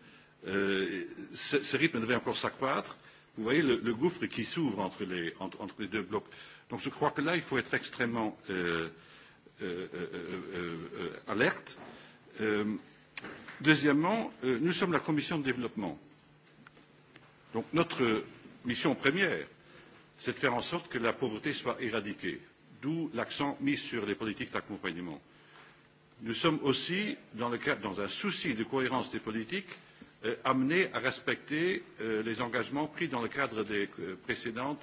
euh, ce, ce rythme devait encore s'accroître Vous voyez le, le gouffre qui s'ouvre entre les, entre, entre les deux blocs. Donc je crois que là, il faut être extrêmement euh, euh, euh, euh, alerte. Euh, deuxièmement, euh, nous sommes la commission de développement. Donc notre mission première, c'est de faire en sorte que la pauvreté soit éradiquée, d'où l'accent mis sur les politiques d'accompagnement. Nous sommes aussi, dans, le cadre, dans un souci de cohérence des politiques, euh, amenés à respecter euh, les engagements pris dans le cadre des euh, précédentes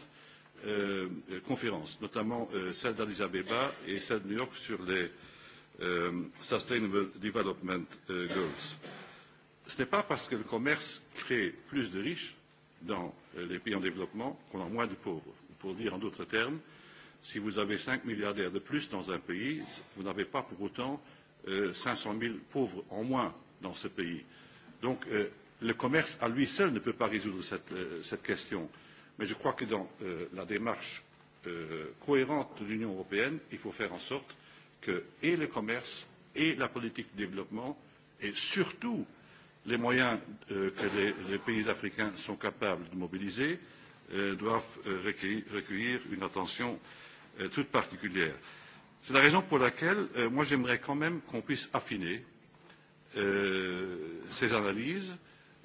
euh, conférences, notamment euh, celle d'Addis Abeba et celle de New York sur les euh, Sustainable Development euh, Goals. Ce n'est pas parce que le commerce crée plus de riches dans euh, les pays en développement qu'on a moins de pauvres. Pour dire en d'autres termes, si vous avez 5 milliardaires de plus dans un pays, vous n'avez pas pour autant euh, 500 000 pauvres en moins dans ce pays. Euh, Donc euh, le commerce à lui seul ne peut pas résoudre cette, euh, cette question. Mais je crois que dans euh, la démarche euh, cohérente de l'Union européenne, il faut faire en sorte que et le commerce et la politique de développement et surtout les moyens euh, que les, les pays africains sont capables de mobiliser euh, doivent euh, recueillir, recueillir une attention euh, toute particulière. C'est la raison pour laquelle euh, moi j'aimerais quand même qu'on puisse affiner euh, ces analyses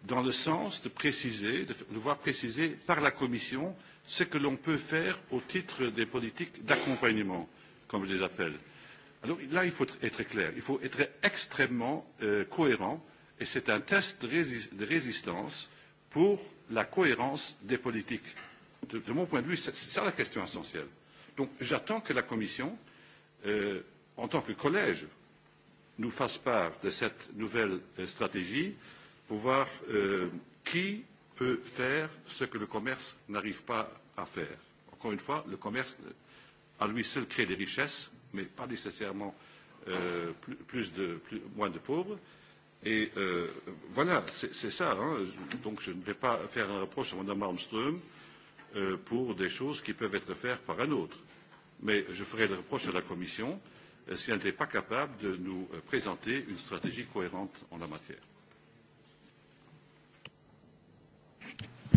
dans le sens de préciser, de, de voir préciser par la Commission ce que l'on peut faire au titre des politiques d'accompagnement, comme je les appelle. Alors là, il faut être clair, il faut être extrêmement euh, cohérent, et c'est un test de, rési de résistance pour la cohérence des politiques. De, de mon point de vue, c'est ça la question essentielle. Donc j'attends que la Commission, euh, en tant que collège, nous fasse part de cette nouvelle euh, stratégie pour voir euh, qui peut faire ce que le commerce n'arrive pas à faire. Encore une fois, le commerce euh, à lui seul crée des richesses, mais pas nécessairement euh, plus, plus de, plus, moins de pauvres. Et euh, voilà, c'est ça. Hein. Donc je ne vais pas faire un reproche à Mme Malmström euh, pour des choses qui peuvent être faites par un autre. Mais je ferai le reproche à la Commission euh, Euh, si elle n'était pas capable de nous euh, présenter une stratégie cohérente en la matière.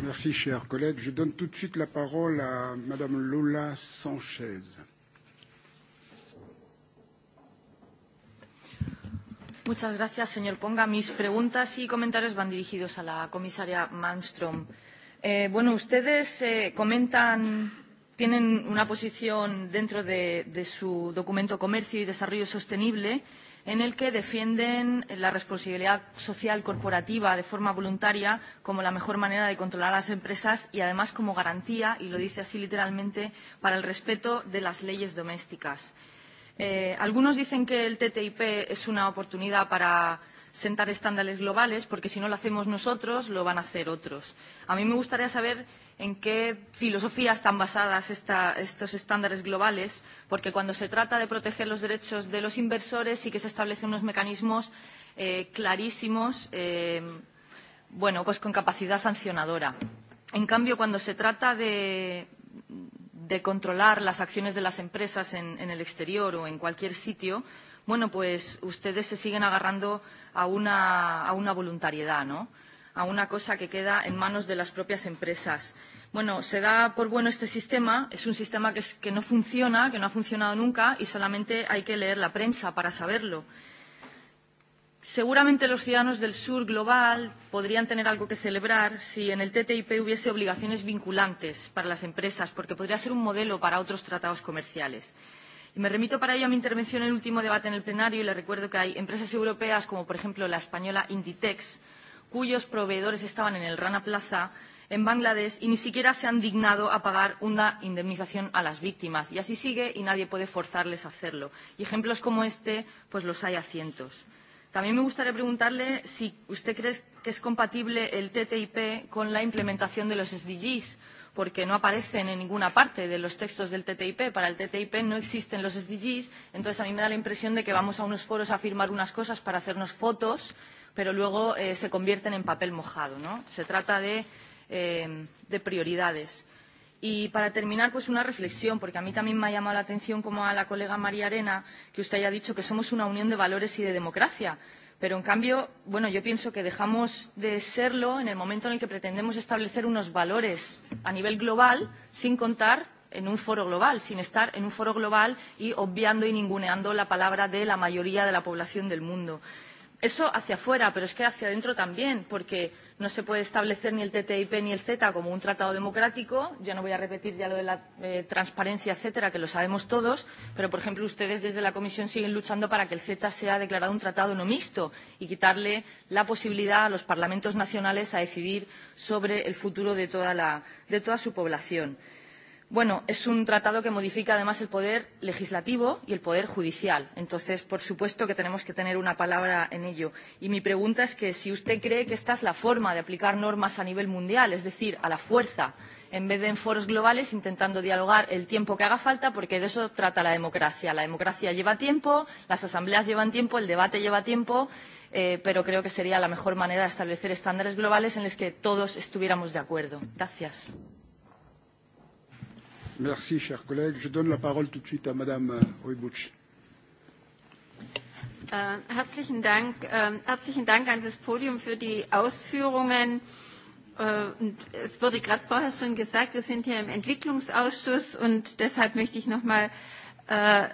Merci, cher collègue. Je donne tout de suite la parole à Madame Lola Sanchez. Muchas gracias, señor Ponga. Mis preguntas y comentarios van dirigidos a la comisaria Malmström. Eh, bueno, ustedes eh, comentan tienen una posición dentro de, de su documento Comercio y Desarrollo Sostenible en el que defienden la responsabilidad social corporativa de forma voluntaria como la mejor manera de controlar a las empresas y además como garantía, y lo dice así literalmente, para el respeto de las leyes domésticas. Eh, algunos dicen que el TTIP es una oportunidad para sentar estándares globales porque si no lo hacemos nosotros lo van a hacer otros. A mí me gustaría saber en qué filosofía están basadas esta, estos estándares globales, porque cuando se trata de proteger los derechos de los inversores sí que se establecen unos mecanismos eh, clarísimos, eh, bueno, pues con capacidad sancionadora. En cambio, cuando se trata de, de controlar las acciones de las empresas en, en el exterior o en cualquier sitio, bueno, pues ustedes se siguen agarrando a una, a una voluntariedad, ¿no? Eh, a una cosa que queda en manos de las propias empresas. Bueno, se da por bueno este sistema, es un sistema que, es, que no funciona, que no ha funcionado nunca y solamente hay que leer la prensa para saberlo. Seguramente los ciudadanos del sur global podrían tener algo que celebrar si en el TTIP hubiese obligaciones vinculantes para las empresas, porque podría ser un modelo para otros tratados comerciales. Y me remito para ello a mi intervención en el último debate en el plenario y le recuerdo que hay empresas europeas como, por ejemplo, la española Inditex, cuyos proveedores estaban en el Rana Plaza en Bangladesh y ni siquiera se han dignado a pagar una indemnización a las víctimas. Y así sigue y nadie puede forzarles a hacerlo. Y ejemplos como este, pues los hay a cientos. También me gustaría preguntarle si usted cree que es compatible el TTIP con la implementación de los SDGs, porque no aparecen en ninguna parte de los textos del TTIP. Para el TTIP no existen los SDGs, entonces a mí me da la impresión de que vamos a unos foros a firmar unas cosas para hacernos fotos pero luego eh, se convierten en papel mojado. ¿no? Se trata de, eh, de prioridades. Y para terminar, pues una reflexión, porque a mí también me ha llamado la atención, como a la colega María Arena, que usted haya dicho que somos una unión de valores y de democracia. Pero, en cambio, bueno, yo pienso que dejamos de serlo en el momento en el que pretendemos establecer unos valores a nivel global sin contar en un foro global, sin estar en un foro global y obviando y ninguneando la palabra de la mayoría de la población del mundo. Eso hacia afuera, pero es que hacia adentro también, porque no se puede establecer ni el TTIP ni el CETA como un tratado democrático. Yo no voy a repetir ya lo de la eh, transparencia, etcétera, que lo sabemos todos, pero, por ejemplo, ustedes desde la Comisión siguen luchando para que el CETA sea declarado un tratado no mixto y quitarle la posibilidad a los parlamentos nacionales a decidir sobre el futuro de toda, la, de toda su población. Eh, Bueno, es un tratado que modifica además el poder legislativo y el poder judicial. Entonces, por supuesto que tenemos que tener una palabra en ello. Y mi pregunta es que si usted cree que esta es la forma de aplicar normas a nivel mundial, es decir, a la fuerza, en vez de en foros globales, intentando dialogar el tiempo que haga falta, porque de eso trata la democracia. La democracia lleva tiempo, las asambleas llevan tiempo, el debate lleva tiempo, eh, pero creo que sería la mejor manera de establecer estándares globales en los que todos estuviéramos de acuerdo. Gracias. Gracias. Merci, cher collègue. Je donne la parole tout de suite à Madame Heubusch. Äh, herzlichen, Dank, äh, herzlichen Dank an das Podium für die Ausführungen. Äh, und es wurde gerade vorher schon gesagt, wir sind hier im Entwicklungsausschuss und deshalb möchte ich noch mal äh,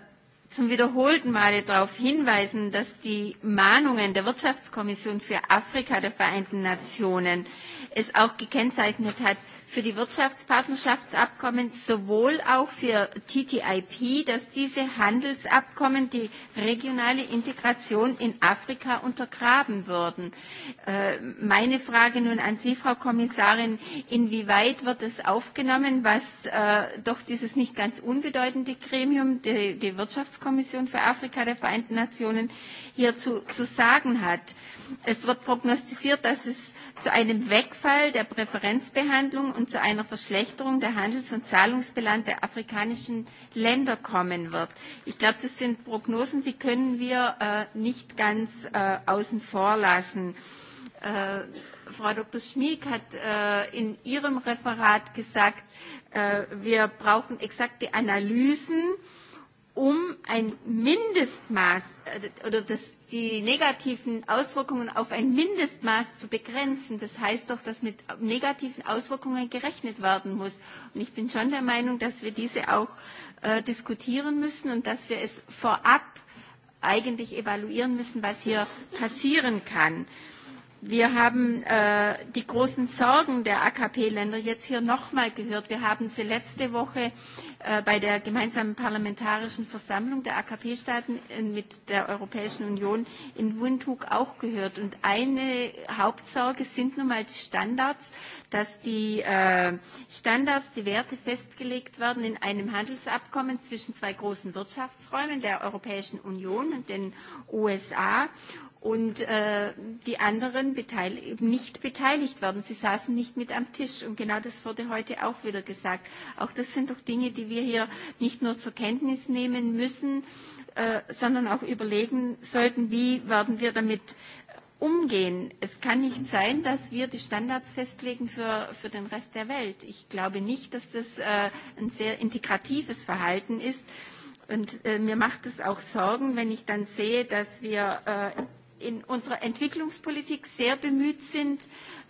zum wiederholten Male darauf hinweisen, dass die Mahnungen der Wirtschaftskommission für Afrika der Vereinten Nationen es auch gekennzeichnet hat, äh, für die Wirtschaftspartnerschaftsabkommen sowohl auch für TTIP, dass diese Handelsabkommen die regionale Integration in Afrika untergraben würden. Äh, meine Frage nun an Sie, Frau Kommissarin, inwieweit wird es aufgenommen, was äh, doch dieses nicht ganz unbedeutende Gremium, die, die Wirtschaftskommission für Afrika der Vereinten Nationen, hierzu zu sagen hat? Es wird prognostiziert, dass es zu einem Wegfall der Präferenzbehandlung und zu einer Verschlechterung der Handels- und Zahlungsbilanz der afrikanischen Länder kommen wird. Ich glaube, das sind Prognosen, die können wir äh, nicht ganz äh, außen vor lassen. Äh, Frau Dr. Schmieg hat äh, in ihrem Referat gesagt, äh, wir brauchen exakte Analysen, um ein Mindestmaß äh, oder das die negativen Auswirkungen auf ein Mindestmaß zu begrenzen. Das heißt doch, dass mit negativen Auswirkungen gerechnet werden muss. Und ich bin schon der Meinung, dass wir diese auch äh, diskutieren müssen und dass wir es vorab eigentlich evaluieren müssen, was hier passieren kann. Äh, Wir haben äh, die großen Sorgen der AKP-Länder jetzt hier nochmal gehört. Wir haben sie letzte Woche äh, bei der gemeinsamen parlamentarischen Versammlung der AKP-Staaten äh, mit der Europäischen Union in Windhoek auch gehört. Und eine Hauptsorge sind nun mal die Standards, dass die äh, Standards, die Werte festgelegt werden in einem Handelsabkommen zwischen zwei großen Wirtschaftsräumen, der Europäischen Union und den USA und äh, die anderen beteil nicht beteiligt werden. Sie saßen nicht mit am Tisch und genau das wurde heute auch wieder gesagt. Auch das sind doch Dinge, die wir hier nicht nur zur Kenntnis nehmen müssen, äh, sondern auch überlegen sollten, wie werden wir damit umgehen. Es kann nicht sein, dass wir die Standards festlegen für, für den Rest der Welt. Ich glaube nicht, dass das äh, ein sehr integratives Verhalten ist. Und äh, mir macht es auch Sorgen, wenn ich dann sehe, dass wir äh, in unserer Entwicklungspolitik sehr bemüht sind,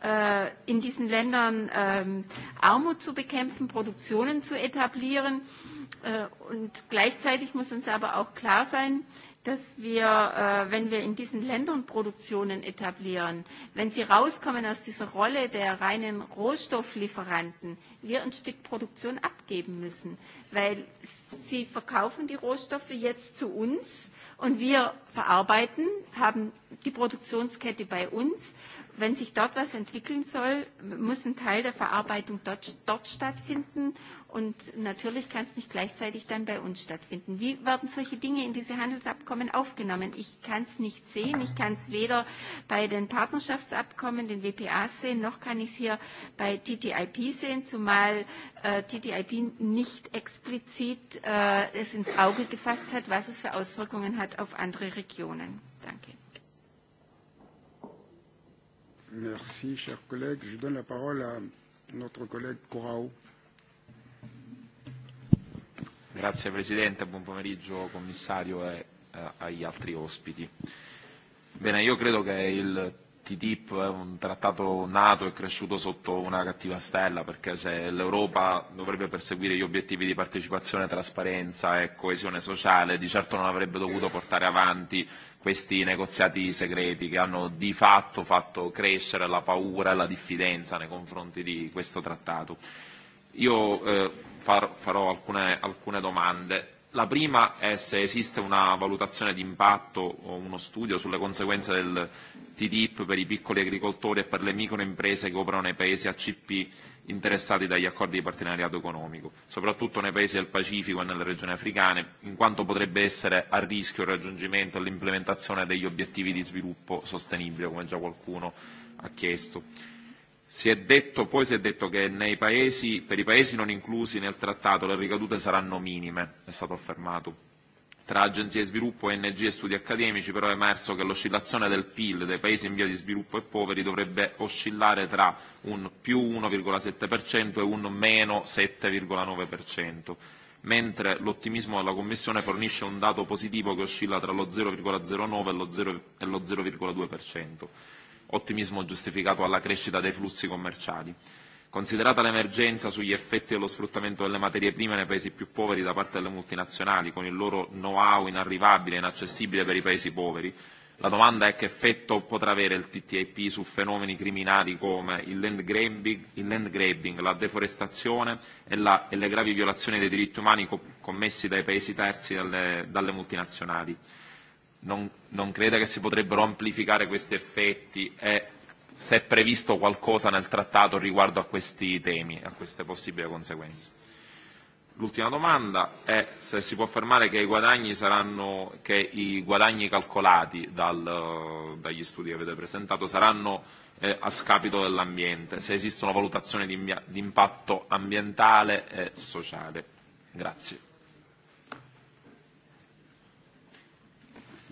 äh, in diesen Ländern ähm, Armut zu bekämpfen, Produktionen zu etablieren. Äh, und gleichzeitig muss uns aber auch klar sein, dass wir, äh, wenn wir in diesen Ländern Produktionen etablieren, wenn sie rauskommen aus dieser Rolle der reinen Rohstofflieferanten, wir ein Stück Produktion abgeben müssen, weil sie verkaufen die Rohstoffe jetzt zu uns Und wir verarbeiten, haben die Produktionskette bei uns. Wenn sich dort was entwickeln soll, muss ein Teil der Verarbeitung dort, dort stattfinden. Und natürlich kann es nicht gleichzeitig dann bei uns stattfinden. Wie werden solche Dinge in diese Handelsabkommen aufgenommen? Ich kann es nicht sehen. Ich kann es weder bei den Partnerschaftsabkommen, den WPAs sehen, noch kann ich es hier bei TTIP sehen, zumal äh, TTIP nicht explizit äh, es ins Auge gefasst hat, was es für Auswirkungen hat auf andere Regionen. Danke. Merci, cher collègue. Je donne la parole à notre collègue Corrao. Grazie Presidente, buon pomeriggio Commissario e eh, agli altri ospiti. Bene, io credo che il TTIP è un trattato nato e cresciuto sotto una cattiva stella, perché se l'Europa dovrebbe perseguire gli obiettivi di partecipazione, trasparenza e coesione sociale, di certo non avrebbe dovuto portare avanti questi negoziati segreti che hanno di fatto fatto crescere la paura e la diffidenza nei confronti di questo trattato. Io eh, far, farò alcune, alcune domande. La prima è se esiste una valutazione di impatto o uno studio sulle conseguenze del TTIP per i piccoli agricoltori e per le microimprese che operano nei paesi ACP interessati dagli accordi di partenariato economico, soprattutto nei paesi del Pacifico e nelle regioni africane, in quanto potrebbe essere a rischio il raggiungimento e l'implementazione degli obiettivi di sviluppo sostenibile, come già qualcuno ha chiesto. Si è detto, poi si è detto che nei paesi, per i paesi non inclusi nel trattato le ricadute saranno minime, è stato affermato. Tra agenzie di sviluppo, ONG e studi accademici però è emerso che l'oscillazione del PIL dei paesi in via di sviluppo e poveri dovrebbe oscillare tra un più 1,7% e un meno 7,9%, mentre l'ottimismo della Commissione fornisce un dato positivo che oscilla tra lo 0,09 e lo 0,2% ottimismo giustificato alla crescita dei flussi commerciali. Considerata l'emergenza sugli effetti dello sfruttamento delle materie prime nei paesi più poveri da parte delle multinazionali, con il loro know-how inarrivabile e inaccessibile per i paesi poveri, la domanda è che effetto potrà avere il TTIP su fenomeni criminali come il land grabbing, il land grabbing la deforestazione e, la, e le gravi violazioni dei diritti umani co- commessi dai paesi terzi dalle, dalle multinazionali non, non crede che si potrebbero amplificare questi effetti e se è previsto qualcosa nel trattato riguardo a questi temi, a queste possibili conseguenze. L'ultima domanda è se si può affermare che i guadagni, saranno, che i guadagni calcolati dal, dagli studi che avete presentato saranno eh, a scapito dell'ambiente, se esiste una valutazione di, di impatto ambientale e sociale. Grazie.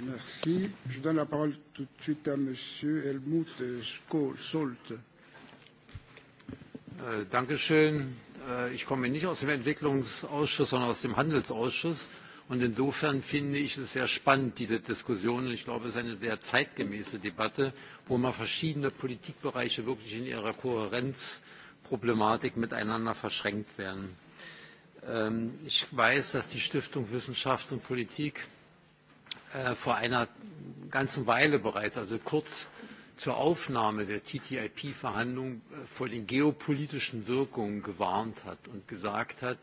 Merci. Je donne la parole tout de suite à Monsieur Helmut Scholz. Äh, danke schön. Äh, ich komme nicht aus dem Entwicklungsausschuss, sondern aus dem Handelsausschuss. Und insofern finde ich es sehr spannend, diese Diskussion. Und ich glaube, es ist eine sehr zeitgemäße Debatte, wo man verschiedene Politikbereiche wirklich in ihrer Kohärenzproblematik miteinander verschränkt werden. Ähm, ich weiß, dass die Stiftung Wissenschaft und Politik äh, vor einer ganzen Weile bereits, also kurz zur Aufnahme der TTIP-Verhandlungen äh, vor den geopolitischen Wirkungen gewarnt hat und gesagt hat,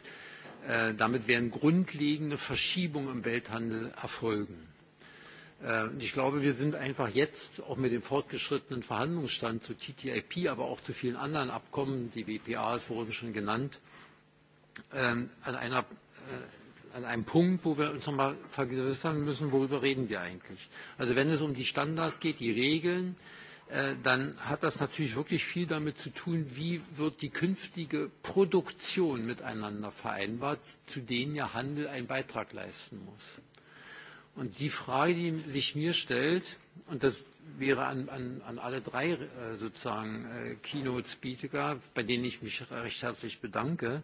äh, damit werden grundlegende Verschiebungen im Welthandel erfolgen. Äh, und ich glaube, wir sind einfach jetzt auch mit dem fortgeschrittenen Verhandlungsstand zu TTIP, aber auch zu vielen anderen Abkommen, die WPA, es wurden schon genannt, ähm, an einer äh, an einem Punkt, wo wir uns nochmal vergewissern müssen, worüber reden wir eigentlich. Also wenn es um die Standards geht, die Regeln, äh, dann hat das natürlich wirklich viel damit zu tun, wie wird die künftige Produktion miteinander vereinbart, zu denen ja Handel einen Beitrag leisten muss. Und die Frage, die sich mir stellt, und das wäre an, an, an alle drei äh, sozusagen äh, Keynote-Speaker, bei denen ich mich recht herzlich bedanke,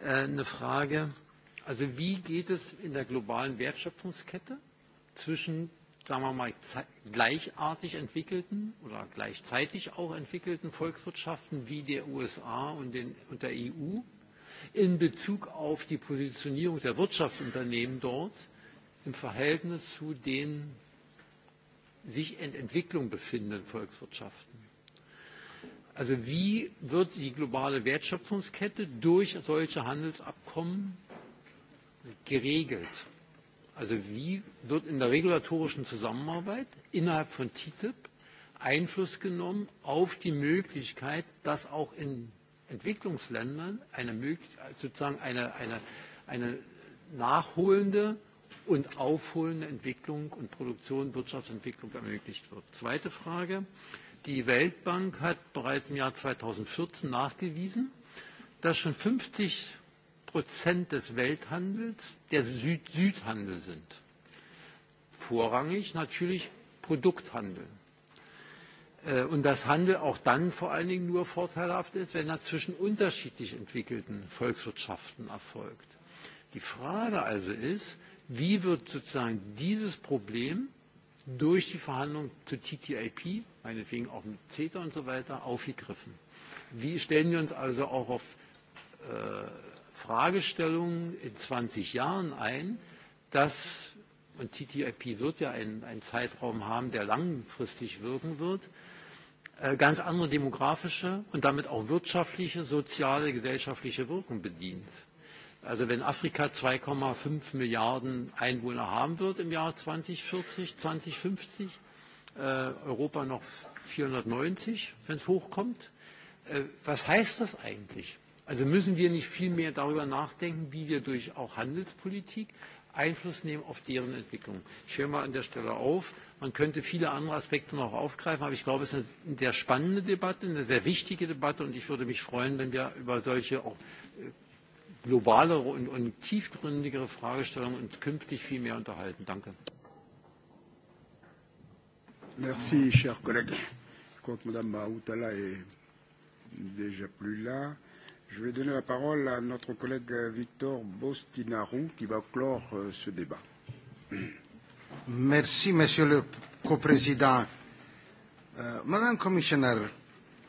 äh, eine Frage, äh, Also wie geht es in der globalen Wertschöpfungskette zwischen, sagen wir mal, gleichartig entwickelten oder gleichzeitig auch entwickelten Volkswirtschaften wie der USA und, den, und der EU in Bezug auf die Positionierung der Wirtschaftsunternehmen dort im Verhältnis zu den sich in Entwicklung befindenden Volkswirtschaften. Also wie wird die globale Wertschöpfungskette durch solche Handelsabkommen geregelt? Also wie wird in der regulatorischen Zusammenarbeit innerhalb von TTIP Einfluss genommen auf die Möglichkeit, dass auch in Entwicklungsländern eine, sozusagen eine, eine, eine nachholende und aufholende Entwicklung und Produktion, Wirtschaftsentwicklung ermöglicht wird. Zweite Frage. Die Weltbank hat bereits im Jahr 2014 nachgewiesen, dass schon 50 Prozent des Welthandels der Süd-Süd-Handel sind. Vorrangig natürlich Produkthandel. Äh, und dass Handel auch dann vor allen Dingen nur vorteilhaft ist, wenn er zwischen unterschiedlich entwickelten Volkswirtschaften erfolgt. Die Frage also ist, wie wird sozusagen dieses Problem durch die Verhandlungen zu TTIP, meinetwegen auch mit CETA und so weiter, aufgegriffen? Wie stellen wir uns also auch auf äh, Fragestellungen in 20 Jahren ein, dass, und TTIP wird ja einen, einen Zeitraum haben, der langfristig wirken wird, äh, ganz andere demografische und damit auch wirtschaftliche, soziale, gesellschaftliche Wirkung bedient. Also wenn Afrika 2,5 Milliarden Einwohner haben wird im Jahr 2040, 2050, äh, Europa noch 490, wenn es hochkommt, äh, was heißt das eigentlich? Also müssen wir nicht viel mehr darüber nachdenken, wie wir durch auch Handelspolitik Einfluss nehmen auf deren Entwicklung. Ich höre mal an der Stelle auf. Man könnte viele andere Aspekte noch aufgreifen, aber ich glaube, es ist eine sehr spannende Debatte, eine sehr wichtige Debatte und ich würde mich freuen, wenn wir über solche auch äh, globalere und, und tiefgründigere Fragestellungen uns künftig viel mehr unterhalten. Danke. Merci, cher collègue. Je crois que Mme Mahoutala est déjà plus là. Je vais donner la parole à notre collègue euh, Victor Bostinaru qui va clore euh, ce débat. Merci, Monsieur le Co-Président. Uh, Madam Commissioner,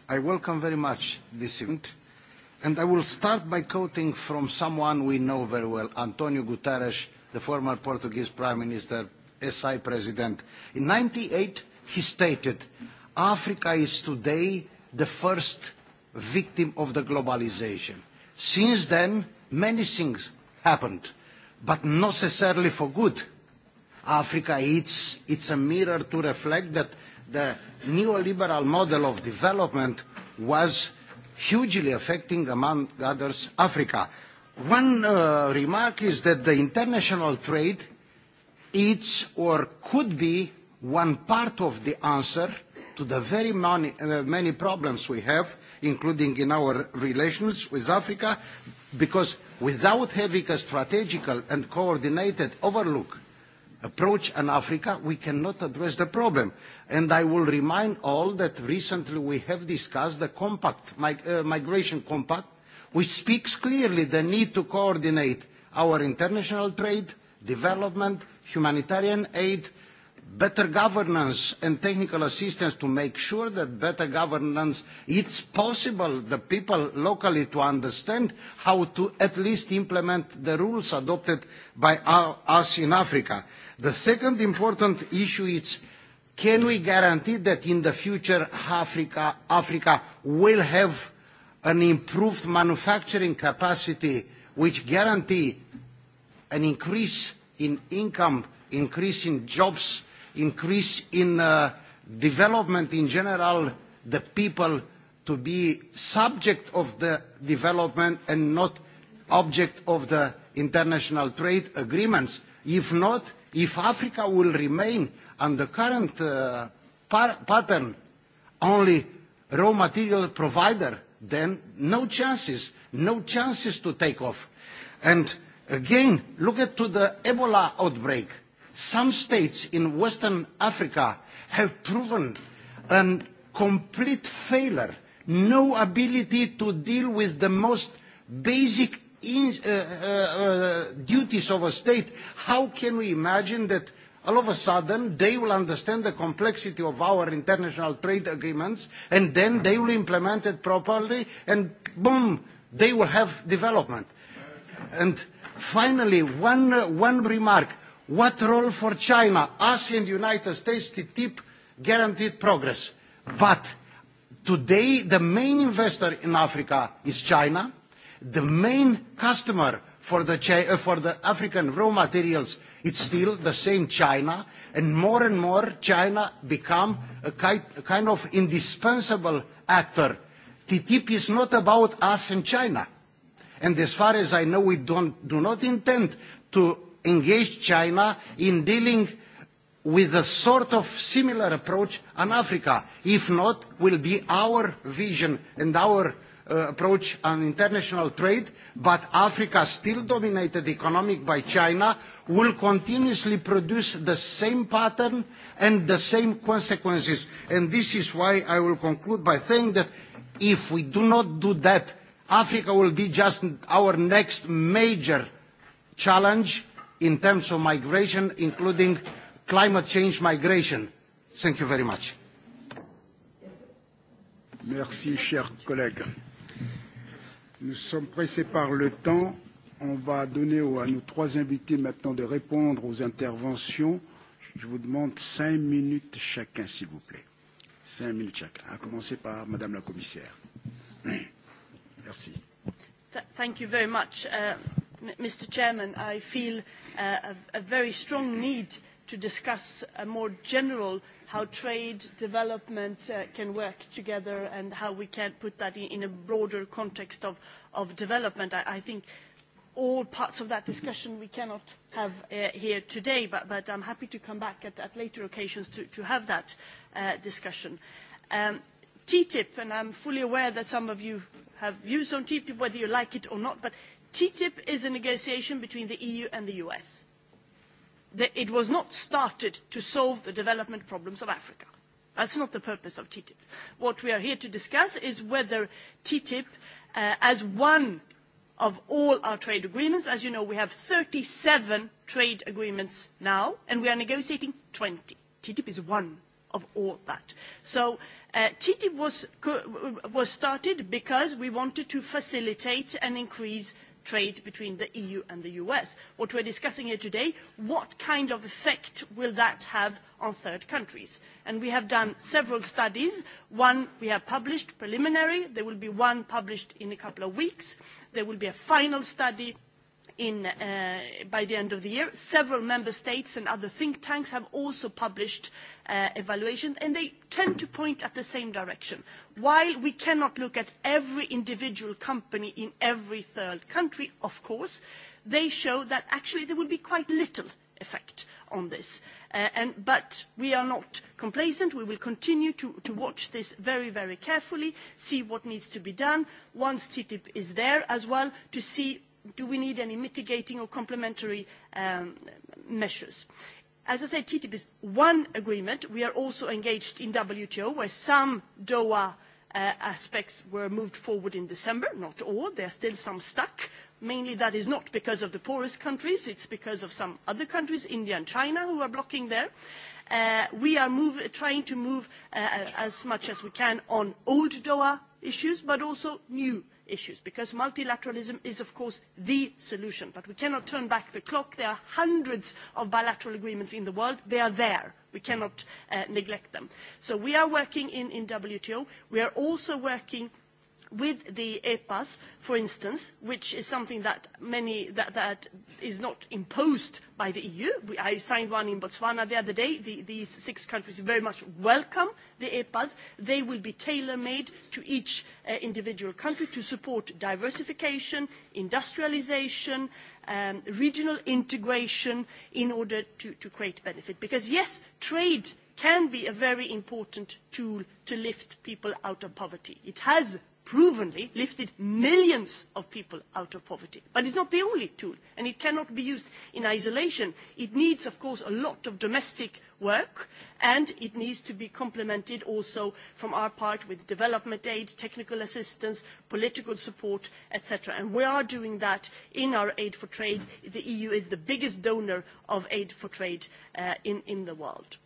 I welcome very much this event, and I will start by quoting from someone we know very well, Antonio Guterres, the former Portuguese Prime Minister, SI President. In 1998, he stated, Africa is today the first victim of the globalization. Since then, many things happened, but not necessarily for good. Africa, it's, it's a mirror to reflect that the neoliberal model of development was hugely affecting, among others, Africa. One uh, remark is that the international trade is or could be one part of the answer – to the very many, uh, many problems we have, including in our relations with Africa, because without having a strategical and coordinated overlook approach on Africa, we cannot address the problem. And I will remind all that recently we have discussed the compact, mig uh, migration compact, which speaks clearly the need to coordinate our international trade, development, humanitarian aid, better governance and technical assistance to make sure that better governance, it's possible the people locally to understand how to at least implement the rules adopted by our, us in Africa. The second important issue is can we guarantee that in the future Africa, Africa will have an improved manufacturing capacity which guarantee an increase in income, increase in jobs, increase in uh, development in general, the people to be subject of the development and not object of the international trade agreements. If not, if Africa will remain on the current uh, par pattern, only raw material provider, then no chances, no chances to take off. And again, look at to the Ebola outbreak. Uh, Some states in Western Africa have proven a complete failure, no ability to deal with the most basic in, uh, uh, uh, duties of a state. How can we imagine that all of a sudden they will understand the complexity of our international trade agreements and then they will implement it properly and boom, they will have development. And finally, one, uh, one remark What role for China? Us and the United States, TTIP guaranteed progress. But today, the main investor in Africa is China. The main customer for the, Chi- uh, for the African raw materials, it's still the same China. And more and more, China become a, ki- a kind of indispensable actor. TTIP is not about us and China. And as far as I know, we don't, do not intend to engage China in dealing with a sort of similar approach on Africa. If not, will be our vision and our uh, approach on international trade, but Africa, still dominated economic by China, will continuously produce the same pattern and the same consequences. And this is why I will conclude by saying that if we do not do that, Africa will be just our next major challenge in terms of migration, including climate change migration. Thank you very much. Merci, cher collègue. Nous sommes pressés par le temps. On va donner à nos trois invités maintenant de répondre aux interventions. Je vous demande cinq minutes chacun, s'il vous plaît. Cinq minutes chacun. À commencer par Madame la Commissaire. (coughs) Merci. Th thank you very much. Uh, Mr. Chairman, I feel uh, a, a very strong need to discuss a more general how trade development uh, can work together and how we can put that in, in a broader context of, of development. I, I think all parts of that discussion we cannot have uh, here today, but, but I'm happy to come back at, at later occasions to, to have that uh, discussion. Um, TTIP, and I'm fully aware that some of you have views on TTIP, whether you like it or not, but ttip is a negotiation between the eu and the us. it was not started to solve the development problems of africa. that is not the purpose of ttip. what we are here to discuss is whether ttip uh, as one of all our trade agreements as you know we have thirty seven trade agreements now and we are negotiating twenty ttip is one of all that. so uh, ttip was, was started because we wanted to facilitate and increase trade between the eu and the us. what we are discussing here today is what kind of effect will that have on third countries? And we have done several studies one we have published preliminary there will be one published in a couple of weeks there will be a final study in, uh, by the end of the year. Several member states and other think tanks have also published uh, evaluations, and they tend to point at the same direction. While we cannot look at every individual company in every third country, of course, they show that actually there would be quite little effect on this. Uh, and, but we are not complacent. We will continue to, to watch this very, very carefully, see what needs to be done once TTIP is there as well, to see do we need any mitigating or complementary um, measures? As I said, TTIP is one agreement. We are also engaged in WTO, where some Doha uh, aspects were moved forward in December, not all. There are still some stuck. Mainly that is not because of the poorest countries, it's because of some other countries, India and China, who are blocking there. Uh, we are move, trying to move uh, as much as we can on old Doha issues, but also new issues issues because multilateralism is of course the solution but we cannot turn back the clock. there are hundreds of bilateral agreements in the world they are there we cannot uh, neglect them. so we are working in the wto. we are also working with the EPAS, for instance, which is something that, many, that, that is not imposed by the EU. We, I signed one in Botswana the other day. The, these six countries very much welcome the EPAs. They will be tailor-made to each uh, individual country to support diversification, industrialization, um, regional integration in order to, to create benefit. Because yes, trade can be a very important tool to lift people out of poverty. It has provenly lifted millions of people out of poverty but it is not the only tool and it cannot be used in isolation. it needs of course a lot of domestic work and it needs to be complemented also from our part with development aid technical assistance political support etc. we are doing that in our aid for trade. the eu is the biggest donor of aid for trade uh, in, in the world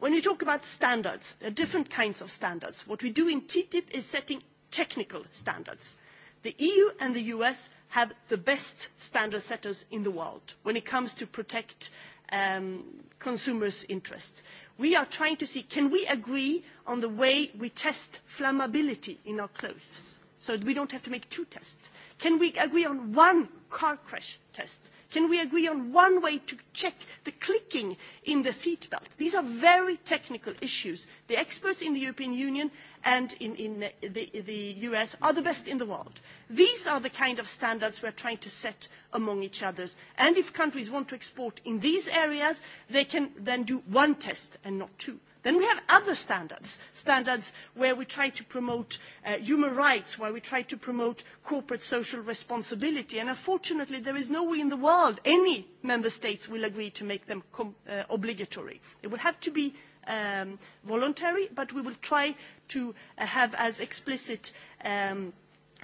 when we talk about standards there are different kinds of standards. what we do in ttip is set technical standards. the eu and the us have the best standard setters in the world when it comes to protecting um, consumers' interests. we are trying to see can we agree on the way we test flammability in our clothes so that we do not have to make two tests? can we agree on one car crash test? can we agree on one way to check the clicking in the seat belt? these are very technical issues. the experts in the european union and in, in the, the us are the best in the world. these are the kind of standards we are trying to set among each other and if countries want to export in these areas they can then do one test and not two then we have other standards standards where we try to promote uh, human rights where we try to promote corporate social responsibility and unfortunately there is no way in the world any member state will agree to make them uh, obligatory. it will have to be um, voluntary but we will try to uh, have as explicit um,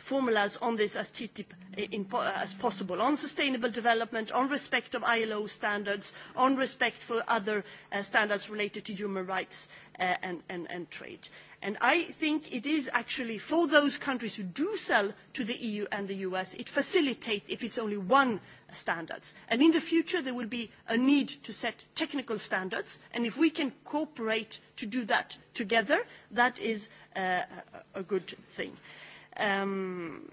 formulas on this as TTIP eh, in, eh, as possible, on sustainable development, on respect of ILO standards, on respect for other uh, standards related to human rights uh, and, and, and trade. And I think it is actually for those countries who do sell to the EU and the US, it facilitates if it's only one standards. And in the future, there will be a need to set technical standards, and if we can cooperate to do that together, that is uh, a good thing. Uh, Um,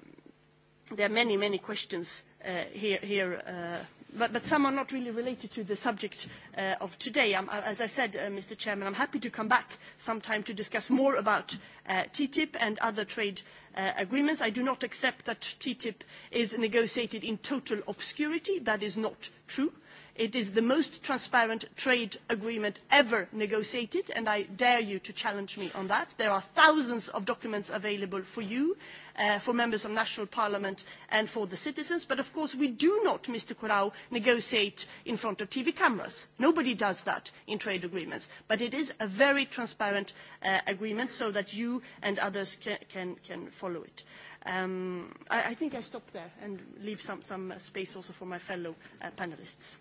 there are many, many questions uh, here, here uh, but, but some are not really related to the subject uh, of today. Um, as I said, uh, Mr. Chairman, I'm happy to come back sometime to discuss more about uh, TTIP and other trade uh, agreements. I do not accept that TTIP is negotiated in total obscurity. That is not true. Uh, it is the most transparent trade agreement ever negotiated and i dare you to challenge me on that. there are thousands of documents available for you uh, for members of national parliaments and for the citizens but of course we do not mr corrao negotiate in front of tv cameras. nobody does that in trade agreements but it is a very transparent uh, agreement so that you and others can, can, can follow it. Um, I, I think I stop there and leave some, some space also for my fellow uh, panelists.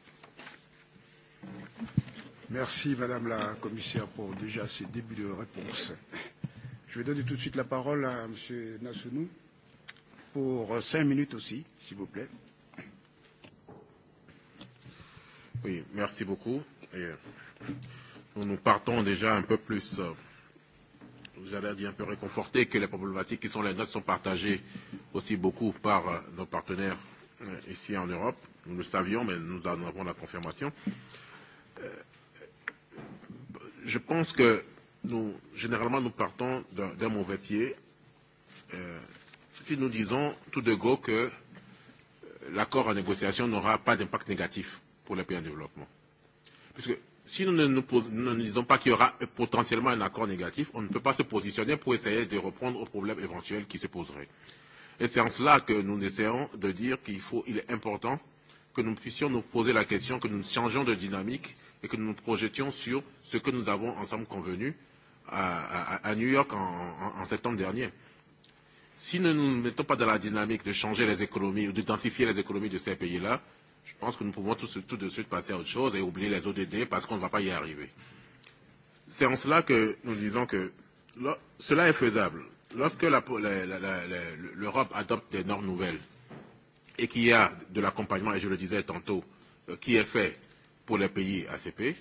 Merci, Madame la Commissaire, pour déjà ces débuts de réponse. Je vais donner tout de suite la parole à Monsieur Nassounou pour cinq minutes aussi, s'il vous plaît. Oui, merci beaucoup. Et nous, nous partons déjà un peu plus, j'allais euh, dire un peu réconfortés que les problématiques qui sont les nôtres sont partagées aussi beaucoup par euh, nos partenaires euh, ici en Europe. Nous le savions, mais nous en avons la confirmation. Euh, Euh, je pense que nous, généralement, nous partons d'un mauvais pied euh, si nous disons tout de go que euh, l'accord en négociation n'aura pas d'impact négatif pour les pays en développement. Parce que si nous ne nous, pose, nous ne disons pas qu'il y aura potentiellement un accord négatif, on ne peut pas se positionner pour essayer de répondre aux problèmes éventuels qui se poseraient. Et c'est en cela que nous essayons de dire qu'il faut, il est important euh, que nous puissions nous poser la question, que nous changions de dynamique et que nous nous projetions sur ce que nous avons ensemble convenu à, à, à New York en, en, en septembre dernier. Si nous ne nous mettons pas dans la dynamique de changer les économies ou de densifier les économies de ces pays-là, je pense que nous pouvons tout, tout de suite passer à autre chose et oublier les ODD parce qu'on ne va pas y arriver. C'est en cela que nous disons que lo, cela est faisable. Lorsque l'Europe adopte des normes nouvelles, et qu'il y a de l'accompagnement, et je le disais tantôt, euh, qui est fait pour les pays ACP,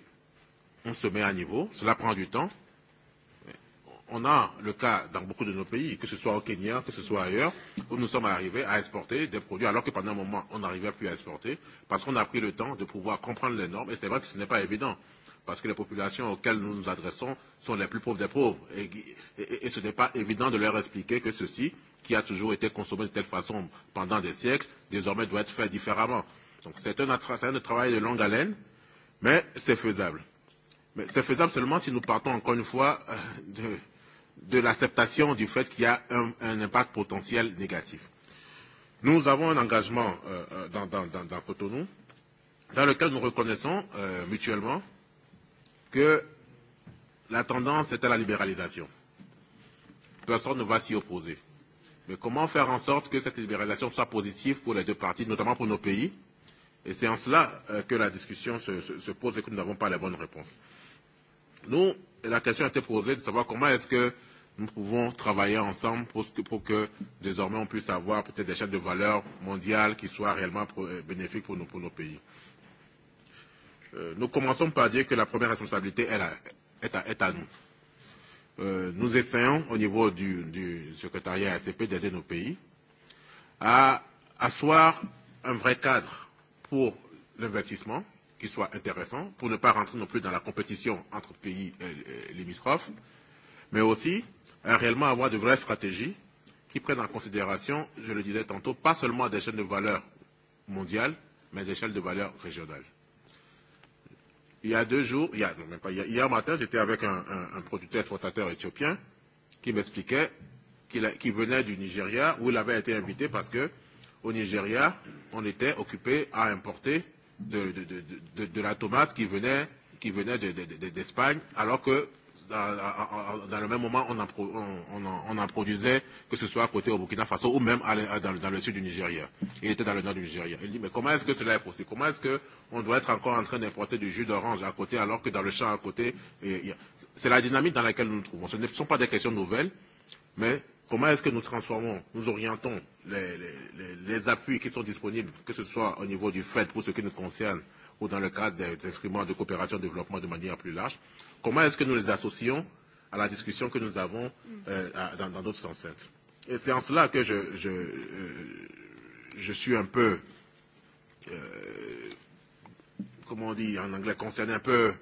on se met à niveau, cela prend du temps. On a le cas dans beaucoup de nos pays, que ce soit au Kenya, que ce soit ailleurs, où nous sommes arrivés à exporter des produits alors que pendant un moment on n'arrivait plus à exporter parce qu'on a pris le temps de pouvoir comprendre les normes et c'est vrai que ce n'est pas évident parce que les populations auxquelles nous nous adressons sont les plus pauvres des pauvres et, et, et ce n'est pas évident de leur expliquer que ceci qui a toujours été consommé de telle façon pendant des siècles, désormais doit être fait différemment. Donc c'est un, un travail de longue haleine, mais c'est faisable. Mais c'est faisable seulement si nous partons encore une fois euh, de, de l'acceptation du fait qu'il y a un, un impact potentiel négatif. Nous avons un engagement euh, euh, dans, dans, dans, dans Cotonou dans lequel nous reconnaissons euh, mutuellement que la tendance est à la libéralisation. Personne ne va s'y opposer. Mais comment faire en sorte que cette libéralisation soit positive pour les deux parties, notamment pour nos pays Et c'est en cela euh, que la discussion se, se, se pose et que nous n'avons pas la bonne réponse. Nous, la question était posée de savoir comment est-ce que nous pouvons travailler ensemble pour, que, pour que désormais on puisse avoir peut-être des chaînes de valeur mondiales qui soient réellement pro, euh, bénéfiques pour nos, pour nos pays. Euh, nous commençons par dire que la première responsabilité est, la, est, à, est à nous euh, nous essayons au niveau du, du secrétariat ACP d'aider nos pays à asseoir un vrai cadre pour l'investissement qui soit intéressant, pour ne pas rentrer non plus dans la compétition entre pays euh, limitrophes, mais aussi à réellement avoir de vraies stratégies qui prennent en considération, je le disais tantôt, pas seulement des chaînes de valeur mondiales, mais des chaînes de valeur régionales. Il y a deux jours, il y a, non, même pas, il y a, hier matin, j'étais avec un, un, un producteur exportateur éthiopien qui m'expliquait qu'il qu venait du Nigeria où il avait été invité parce que au Nigeria, on était occupé à importer de, de, de, de, de la tomate qui venait, qui venait d'Espagne, de, de, de, alors que dans, dans le même moment, on en, on, en, on en produisait, que ce soit à côté au Burkina Faso ou même à, euh, dans, dans le sud du Nigeria. Il était dans le nord du Nigeria. Il dit, mais comment est-ce que cela est possible Comment est-ce qu'on doit être encore en train d'importer du jus d'orange à côté alors que dans le champ à côté, c'est la dynamique dans laquelle nous nous trouvons. Ce ne sont pas des questions nouvelles, mais comment est-ce que nous transformons, nous orientons les, les, les, les appuis qui sont disponibles, que ce soit au niveau du FED pour ce qui nous concerne, ou dans le cadre des instruments de coopération et développement de manière plus large, Comment est-ce que nous les associons à la discussion que nous avons euh, à, dans, dans d'autres enceintes Et c'est en cela que je, je, euh, je suis un peu, euh, comment on dit en anglais, concerné, un peu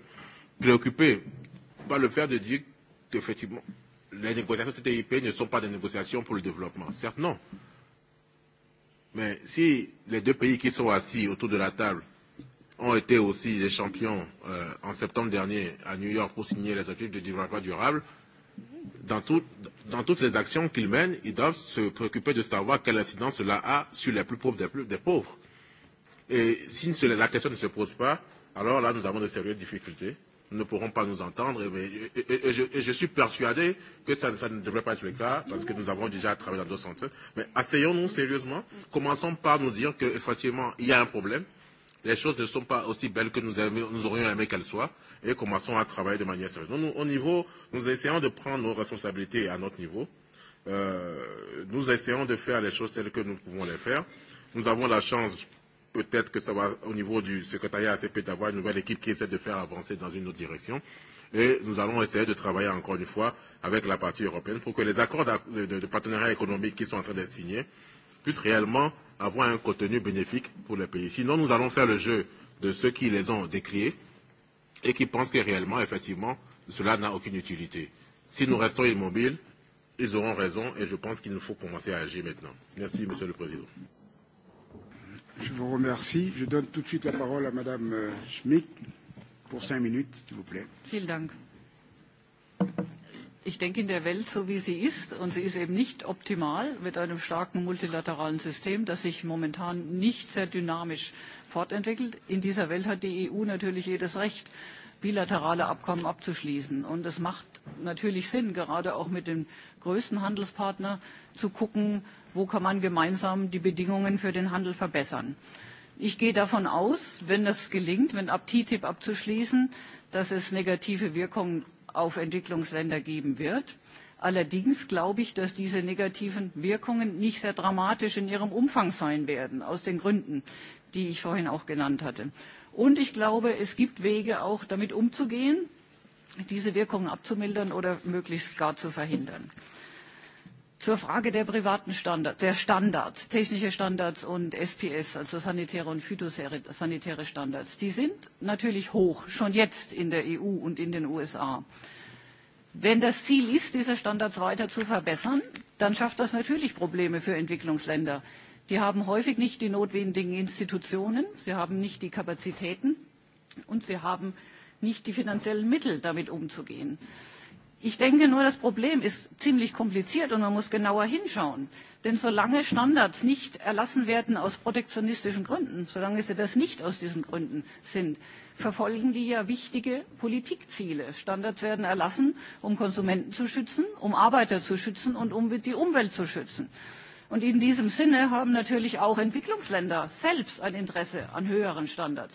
préoccupé par le fait de dire qu'effectivement, les négociations TTIP ne sont pas des négociations pour le développement. Certes, non. Mais si les deux pays qui sont assis autour de la table ont été aussi des champions euh, en septembre dernier à New York pour signer les objectifs de développement durable, dans, tout, dans toutes les actions qu'ils mènent, ils doivent se préoccuper de savoir quelle incidence cela a sur les plus pauvres des, plus, des pauvres. Et si la question ne se pose pas, alors là, nous avons de sérieuses difficultés. Nous ne pourrons pas nous entendre. Et, et, et, et, je, et je suis persuadé que ça, ça ne devrait pas être le cas, parce que nous avons déjà travaillé dans d'autres centres. Mais asseyons-nous sérieusement. Commençons par nous dire qu'effectivement, il y a un problème. Euh, les choses ne sont pas aussi belles que nous, aimé, nous aurions aimé qu'elles soient, et commençons à travailler de manière sérieuse. Nous, nous, au niveau, nous essayons de prendre nos responsabilités à notre niveau. Euh, nous essayons de faire les choses telles que nous pouvons les faire. Nous avons la chance, peut-être que ça va au niveau du secrétariat ACP, d'avoir une nouvelle équipe qui essaie de faire avancer dans une autre direction. Et nous allons essayer de travailler encore une fois avec la partie européenne pour que les accords de, de, de partenariat économique qui sont en train d'être signés puissent réellement avoir un contenu bénéfique pour le pays. Sinon, nous allons faire le jeu de ceux qui les ont décriés et qui pensent que réellement, effectivement, cela n'a aucune utilité. Si nous restons immobiles, ils auront raison et je pense qu'il nous faut commencer à agir maintenant. Merci, Monsieur le Président. Je vous remercie. Je donne tout de suite la parole à Madame euh, Schmidt pour cinq minutes, s'il vous plaît. Vielen Dank ich denke, in der Welt, so wie sie ist, und sie ist eben nicht optimal mit einem starken multilateralen System, das sich momentan nicht sehr dynamisch fortentwickelt, in dieser Welt hat die EU natürlich jedes Recht, bilaterale Abkommen abzuschließen. Und es macht natürlich Sinn, gerade auch mit dem größten Handelspartner zu gucken, wo kann man gemeinsam die Bedingungen für den Handel verbessern. Ich gehe davon aus, wenn das gelingt, wenn ab TTIP abzuschließen, dass es negative Wirkungen auf Entwicklungsländer geben wird. Allerdings glaube ich, dass diese negativen Wirkungen nicht sehr dramatisch in ihrem Umfang sein werden, aus den Gründen, die ich vorhin auch genannt hatte. Und ich glaube, es gibt Wege, auch damit umzugehen, diese Wirkungen abzumildern oder möglichst gar zu verhindern. Mhm zur Frage der privaten Standards, der Standards, technische Standards und SPS, also sanitäre und phytosanitäre Standards. Die sind natürlich hoch, schon jetzt in der EU und in den USA. Wenn das Ziel ist, diese Standards weiter zu verbessern, dann schafft das natürlich Probleme für Entwicklungsländer. Die haben häufig nicht die notwendigen Institutionen, sie haben nicht die Kapazitäten und sie haben nicht die finanziellen Mittel, damit umzugehen. Äh, Ich denke nur, das Problem ist ziemlich kompliziert und man muss genauer hinschauen. Denn solange Standards nicht erlassen werden aus protektionistischen Gründen, solange sie das nicht aus diesen Gründen sind, verfolgen die ja wichtige Politikziele. Standards werden erlassen, um Konsumenten zu schützen, um Arbeiter zu schützen und um die Umwelt zu schützen. Und in diesem Sinne haben natürlich auch Entwicklungsländer selbst ein Interesse an höheren Standards,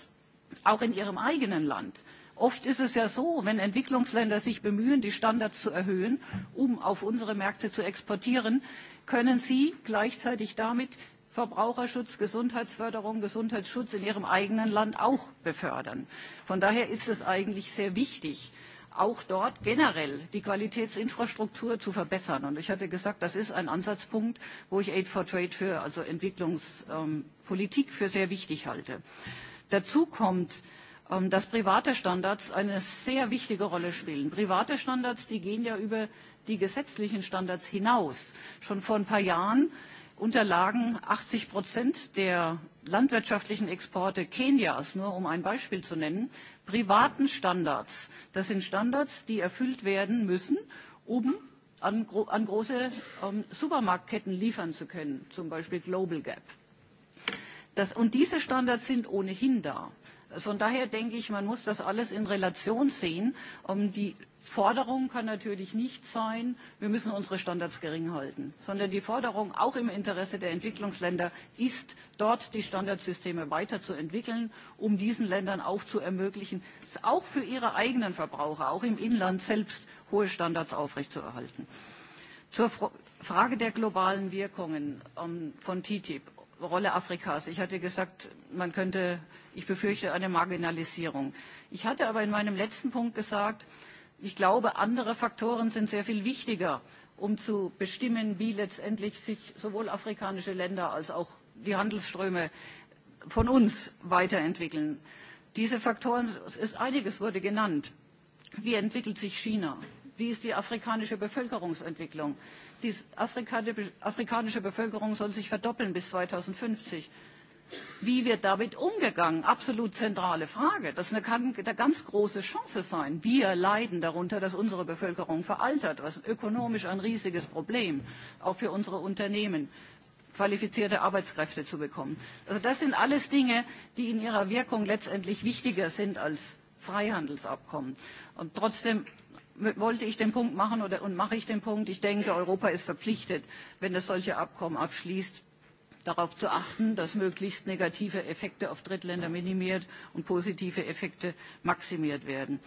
auch in ihrem eigenen Land. Oft ist es ja so, wenn Entwicklungsländer sich bemühen, die Standards zu erhöhen, um auf unsere Märkte zu exportieren, können sie gleichzeitig damit Verbraucherschutz, Gesundheitsförderung, Gesundheitsschutz in ihrem eigenen Land auch befördern. Von daher ist es eigentlich sehr wichtig, auch dort generell die Qualitätsinfrastruktur zu verbessern. Und ich hatte gesagt, das ist ein Ansatzpunkt, wo ich Aid for Trade für, also Entwicklungspolitik ähm, für sehr wichtig halte. Dazu kommt, Ähm, dass private Standards eine sehr wichtige Rolle spielen. Private Standards, die gehen ja über die gesetzlichen Standards hinaus. Schon vor ein paar Jahren unterlagen 80 Prozent der landwirtschaftlichen Exporte Kenias, nur um ein Beispiel zu nennen, privaten Standards. Das sind Standards, die erfüllt werden müssen, um an, gro an große ähm, Supermarktketten liefern zu können, zum Beispiel Global Gap. Das, und diese Standards sind ohnehin da. Von daher denke ich, man muss das alles in Relation sehen. Um die Forderung kann natürlich nicht sein, wir müssen unsere Standards gering halten, sondern die Forderung auch im Interesse der Entwicklungsländer ist, dort die Standardsysteme weiterzuentwickeln, um diesen Ländern auch zu ermöglichen, auch für ihre eigenen Verbraucher, auch im Inland selbst hohe Standards aufrechtzuerhalten. Zur Frage der globalen Wirkungen ähm, von TTIP Rolle Afrikas. Ich hatte gesagt, man könnte, ich befürchte eine Marginalisierung. Ich hatte aber in meinem letzten Punkt gesagt, ich glaube, andere Faktoren sind sehr viel wichtiger, um zu bestimmen, wie letztendlich sich sowohl afrikanische Länder als auch die Handelsströme von uns weiterentwickeln. Diese Faktoren, es ist einiges wurde genannt. Wie entwickelt sich China? Wie ist die afrikanische Bevölkerungsentwicklung? Die Afrika, die afrikanische Bevölkerung soll sich verdoppeln bis 2050. Wie wird damit umgegangen? Absolut zentrale Frage. Das eine, kann eine ganz große Chance sein. Wir leiden darunter, dass unsere Bevölkerung veraltert, was ökonomisch ein riesiges Problem, auch für unsere Unternehmen qualifizierte Arbeitskräfte zu bekommen. Also das sind alles Dinge, die in ihrer Wirkung letztendlich wichtiger sind als Freihandelsabkommen. Und trotzdem wollte ich den Punkt machen oder, und mache ich den Punkt. Ich denke, Europa ist verpflichtet, wenn es solche Abkommen abschließt, darauf zu achten, dass möglichst negative Effekte auf Drittländer minimiert und positive Effekte maximiert werden.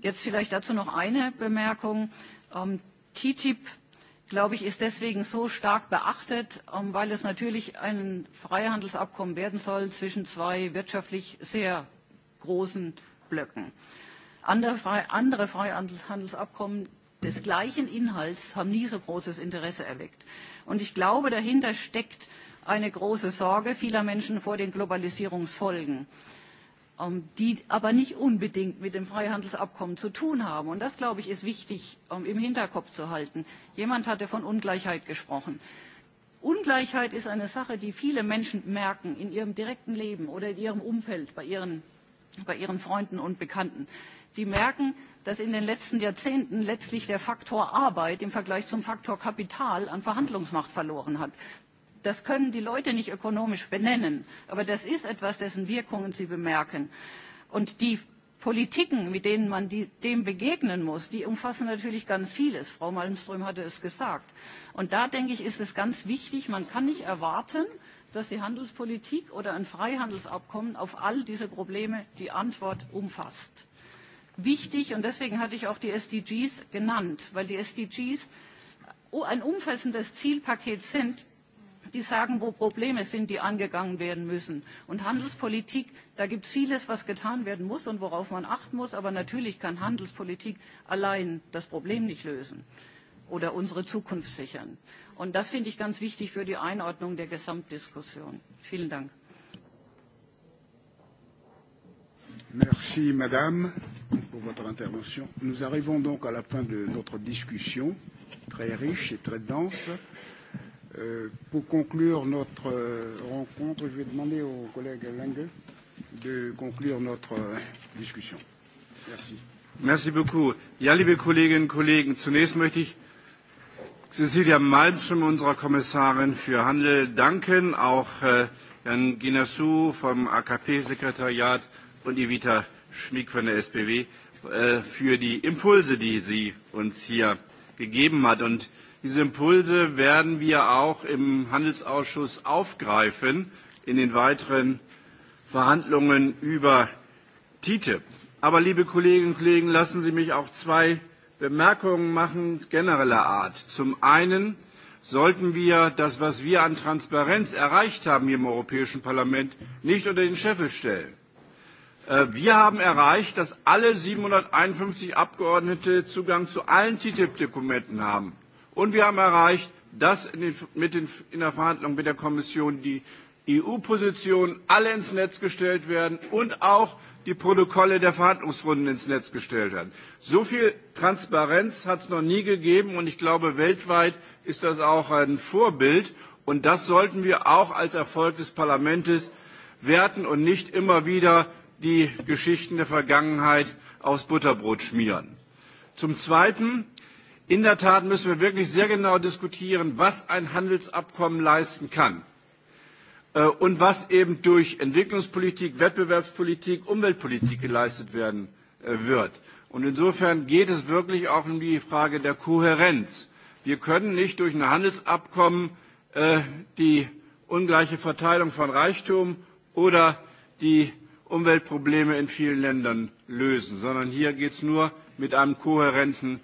Jetzt vielleicht dazu noch eine Bemerkung. Ähm, TTIP, glaube ich, ist deswegen so stark beachtet, ähm, weil es natürlich ein Freihandelsabkommen werden soll zwischen zwei wirtschaftlich sehr großen Blöcken. Äh, Andere, Fre andere Freihandelsabkommen des gleichen Inhalts haben nie so großes Interesse erweckt. Und ich glaube, dahinter steckt eine große Sorge vieler Menschen vor den Globalisierungsfolgen, ähm, die aber nicht unbedingt mit dem Freihandelsabkommen zu tun haben. Und das, glaube ich, ist wichtig ähm, im Hinterkopf zu halten. Jemand hatte von Ungleichheit gesprochen. Ungleichheit ist eine Sache, die viele Menschen merken in ihrem direkten Leben oder in ihrem Umfeld, bei ihren, bei ihren Freunden und Bekannten die merken, dass in den letzten Jahrzehnten letztlich der Faktor Arbeit im Vergleich zum Faktor Kapital an Verhandlungsmacht verloren hat. Das können die Leute nicht ökonomisch benennen, aber das ist etwas, dessen Wirkungen sie bemerken. Und die Politiken, mit denen man die, dem begegnen muss, die umfassen natürlich ganz vieles. Frau Malmström hatte es gesagt. Und da, denke ich, ist es ganz wichtig, man kann nicht erwarten, dass die Handelspolitik oder ein Freihandelsabkommen auf all diese Probleme die Antwort umfasst wichtig und deswegen hatte ich auch die SDGs genannt, weil die SDGs ein umfassendes Zielpaket sind, die sagen, wo Probleme sind, die angegangen werden müssen. Und Handelspolitik, da gibt es vieles, was getan werden muss und worauf man achten muss. Aber natürlich kann Handelspolitik allein das Problem nicht lösen oder unsere Zukunft sichern. Und das finde ich ganz wichtig für die Einordnung der Gesamtdiskussion. Vielen Dank. Merci, Madame pour votre intervention. Nous arrivons donc à la fin de notre discussion, très riche et très dense. Euh, pour conclure notre euh, rencontre, je vais demander au collègue Lange de conclure notre euh, discussion. Merci. Merci beaucoup. Ja, liebe Kolleginnen und Kollegen, zunächst möchte ich Cecilia Malmström, unserer Kommissarin für Handel, danken, auch äh, Herrn Guinassou vom AKP-Sekretariat und Evita Schmick von der SPW, äh, für die Impulse, die sie uns hier gegeben hat. Und diese Impulse werden wir auch im Handelsausschuss aufgreifen in den weiteren Verhandlungen über TTIP. Aber liebe Kolleginnen und Kollegen, lassen Sie mich auch zwei Bemerkungen machen genereller Art. Zum einen sollten wir das, was wir an Transparenz erreicht haben hier im Europäischen Parlament, nicht unter den Scheffel stellen. Äh, wir haben erreicht, dass alle 751 Abgeordnete Zugang zu allen TTIP-Dokumenten haben. Und wir haben erreicht, dass in, den, mit den, in der Verhandlung mit der Kommission die EU-Positionen alle ins Netz gestellt werden und auch die Protokolle der Verhandlungsrunden ins Netz gestellt werden. So viel Transparenz hat es noch nie gegeben und ich glaube, weltweit ist das auch ein Vorbild und das sollten wir auch als Erfolg des Parlaments werten und nicht immer wieder die Geschichten der Vergangenheit aufs Butterbrot schmieren. Zum Zweiten, in der Tat müssen wir wirklich sehr genau diskutieren, was ein Handelsabkommen leisten kann äh, und was eben durch Entwicklungspolitik, Wettbewerbspolitik, Umweltpolitik geleistet werden äh, wird. Und insofern geht es wirklich auch um die Frage der Kohärenz. Wir können nicht durch ein Handelsabkommen äh, die ungleiche Verteilung von Reichtum oder die Umweltprobleme in vielen Ländern lösen, sondern hier geht es nur mit einem kohärenten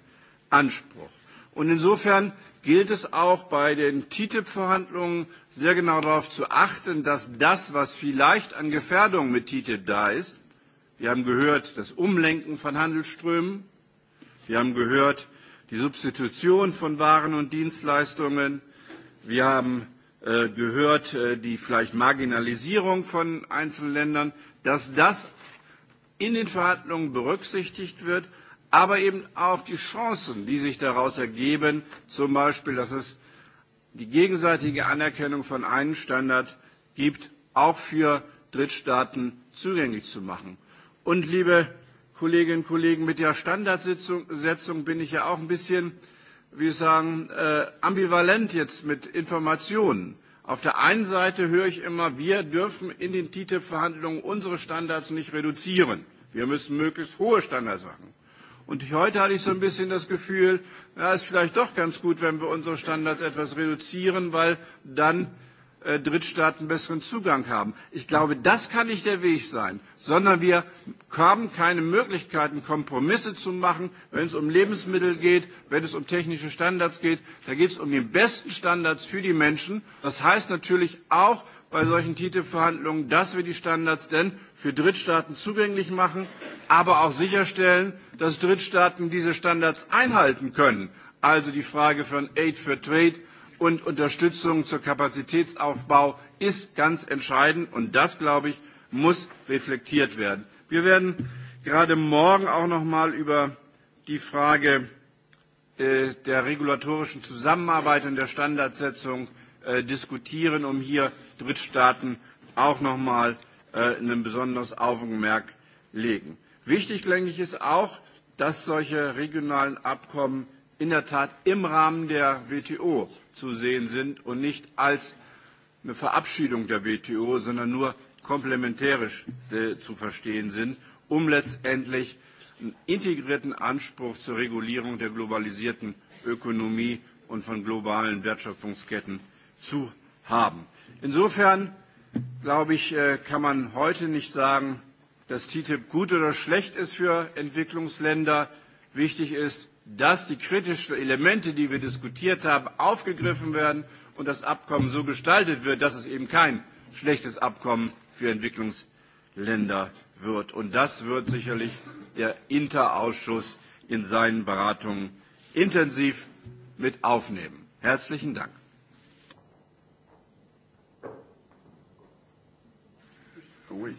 Anspruch. Und insofern gilt es auch bei den TTIP-Verhandlungen sehr genau darauf zu achten, dass das, was vielleicht an Gefährdung mit TTIP da ist, wir haben gehört, das Umlenken von Handelsströmen, wir haben gehört, die Substitution von Waren und Dienstleistungen, wir haben äh, gehört, äh, die vielleicht Marginalisierung von einzelnen Ländern, dass das in den Verhandlungen berücksichtigt wird, aber eben auch die Chancen, die sich daraus ergeben, zum Beispiel, dass es die gegenseitige Anerkennung von einem Standard gibt, auch für Drittstaaten zugänglich zu machen. Und liebe Kolleginnen und Kollegen, mit der Standardsetzung bin ich ja auch ein bisschen, wie ich sagen, äh, ambivalent jetzt mit Informationen. Auf der einen Seite höre ich immer, wir dürfen in den TTIP-Verhandlungen unsere Standards nicht reduzieren. Wir müssen möglichst hohe Standards machen. Und heute hatte ich so ein bisschen das Gefühl, na, ist vielleicht doch ganz gut, wenn wir unsere Standards etwas reduzieren, weil dann äh, Drittstaaten besseren Zugang haben. Ich glaube, das kann nicht der Weg sein, sondern wir haben keine Möglichkeiten, Kompromisse zu machen, wenn es um Lebensmittel geht, wenn es um technische Standards geht. Da geht es um die besten Standards für die Menschen. Das heißt natürlich auch, bei solchen TTIP-Verhandlungen, dass wir die Standards denn für Drittstaaten zugänglich machen, aber auch sicherstellen, dass Drittstaaten diese Standards einhalten können. Also die Frage von Aid for Trade und Unterstützung zur Kapazitätsaufbau ist ganz entscheidend. Und das, glaube ich, muss reflektiert werden. Wir werden gerade morgen auch noch mal über die Frage äh, der regulatorischen Zusammenarbeit und der Standardsetzung äh, diskutieren, um hier Drittstaaten auch noch mal äh, ein besonderes Augenmerk legen. Wichtig, denke ich, ist auch, dass solche regionalen Abkommen in der Tat im Rahmen der WTO zu sehen sind und nicht als eine Verabschiedung der WTO, sondern nur komplementärisch äh, zu verstehen sind, um letztendlich einen integrierten Anspruch zur Regulierung der globalisierten Ökonomie und von globalen Wertschöpfungsketten zu haben. Insofern, glaube ich, äh, kann man heute nicht sagen, dass TTIP gut oder schlecht ist für Entwicklungsländer. Wichtig ist, dass die kritischen Elemente, die wir diskutiert haben, aufgegriffen werden und das Abkommen so gestaltet wird, dass es eben kein schlechtes Abkommen für Entwicklungsländer wird. Und das wird sicherlich der Interausschuss in seinen Beratungen intensiv mit aufnehmen. Herzlichen Dank. Oui.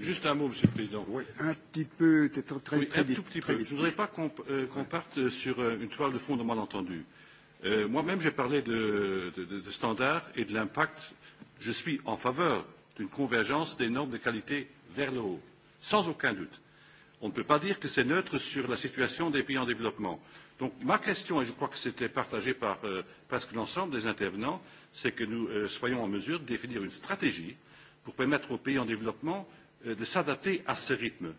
Juste un mot, Monsieur le Président. Oui, un petit peu, très, très, oui, très un vite, tout petit très peu. Vite. Je ne voudrais pas qu'on euh, qu parte euh, sur euh, une toile de fond de malentendus. Euh, Moi-même, j'ai parlé de, de, de, de standards et de l'impact. Je suis en faveur d'une convergence des normes de qualité vers le haut, sans aucun doute. On ne peut pas dire que c'est neutre sur la situation des pays en développement. Donc ma question, et je crois que c'était partagé par euh, presque l'ensemble des intervenants, c'est que nous euh, soyons en mesure de définir une stratégie pour permettre aux pays en développement Euh, de s'adapter à ce rythme.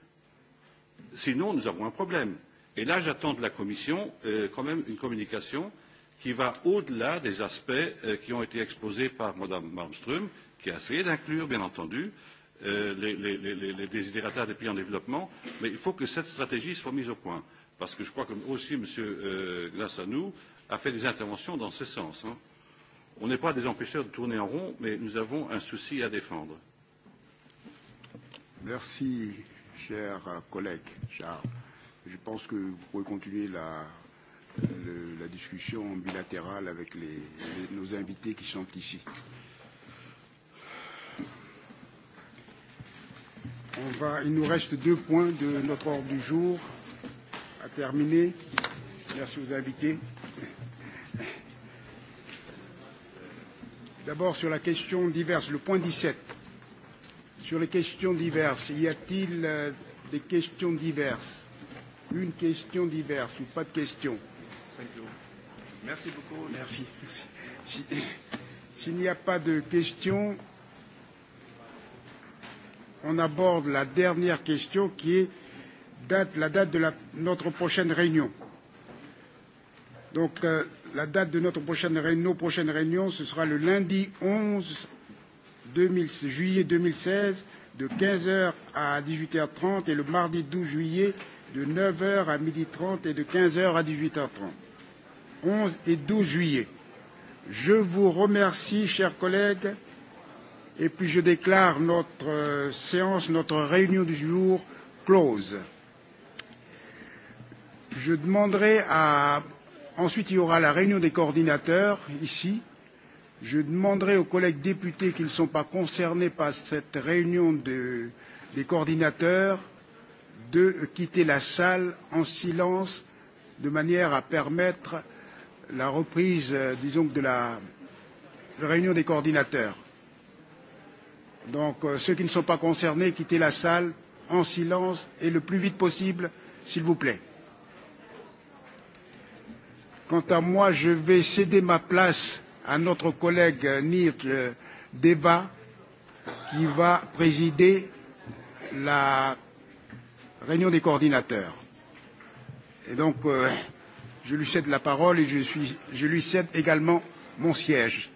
Sinon, nous avons un problème. Et là, j'attends de la Commission euh, quand même une communication qui va au-delà des aspects euh, qui ont été exposés par Mme Malmström, qui a essayé d'inclure, bien entendu, euh, les, les, les, les désidératas des pays en développement, mais il faut que cette stratégie soit mise au point. Parce que je crois que aussi M. Euh, Glassanou a fait des interventions dans ce sens. Hein. On n'est pas des empêcheurs de tourner en rond, mais nous avons un souci à défendre. Merci, cher collègue Charles. Je pense que vous pouvez continuer la, le, la discussion bilatérale avec les, les, nos invités qui sont ici. On va, il nous reste deux points de notre ordre du jour à terminer. Merci aux invités. D'abord sur la question diverse, le point 17 Sur les questions diverses, y a-t-il euh, des questions diverses Une question diverse ou pas de questions Merci beaucoup. Merci. S'il si, si n'y a pas de questions, on aborde la dernière question qui est date, la date de la, notre prochaine réunion. Donc, euh, la date de notre prochaine réunion, nos prochaines réunions, ce sera le lundi 11 2000, juillet 2016 de 15h à 18h30 et le mardi 12 juillet de 9h à 12h30 et de 15h à 18h30. 11 et 12 juillet. Je vous remercie, chers collègues, et puis je déclare notre euh, séance, notre réunion du jour close. Je demanderai à... Ensuite, il y aura la réunion des coordinateurs ici Je demanderai aux collègues députés qui ne sont pas concernés par cette réunion de, des coordinateurs de quitter la salle en silence de manière à permettre la reprise, euh, disons, de la réunion des coordinateurs. Donc euh, ceux qui ne sont pas concernés, quittez la salle en silence et le plus vite possible, s'il vous plaît. Quant à moi, je vais céder ma place à notre collègue Nils euh, Deba qui va présider la réunion des coordinateurs. Et donc, euh, je lui cède la parole et je, suis, je lui cède également mon siège.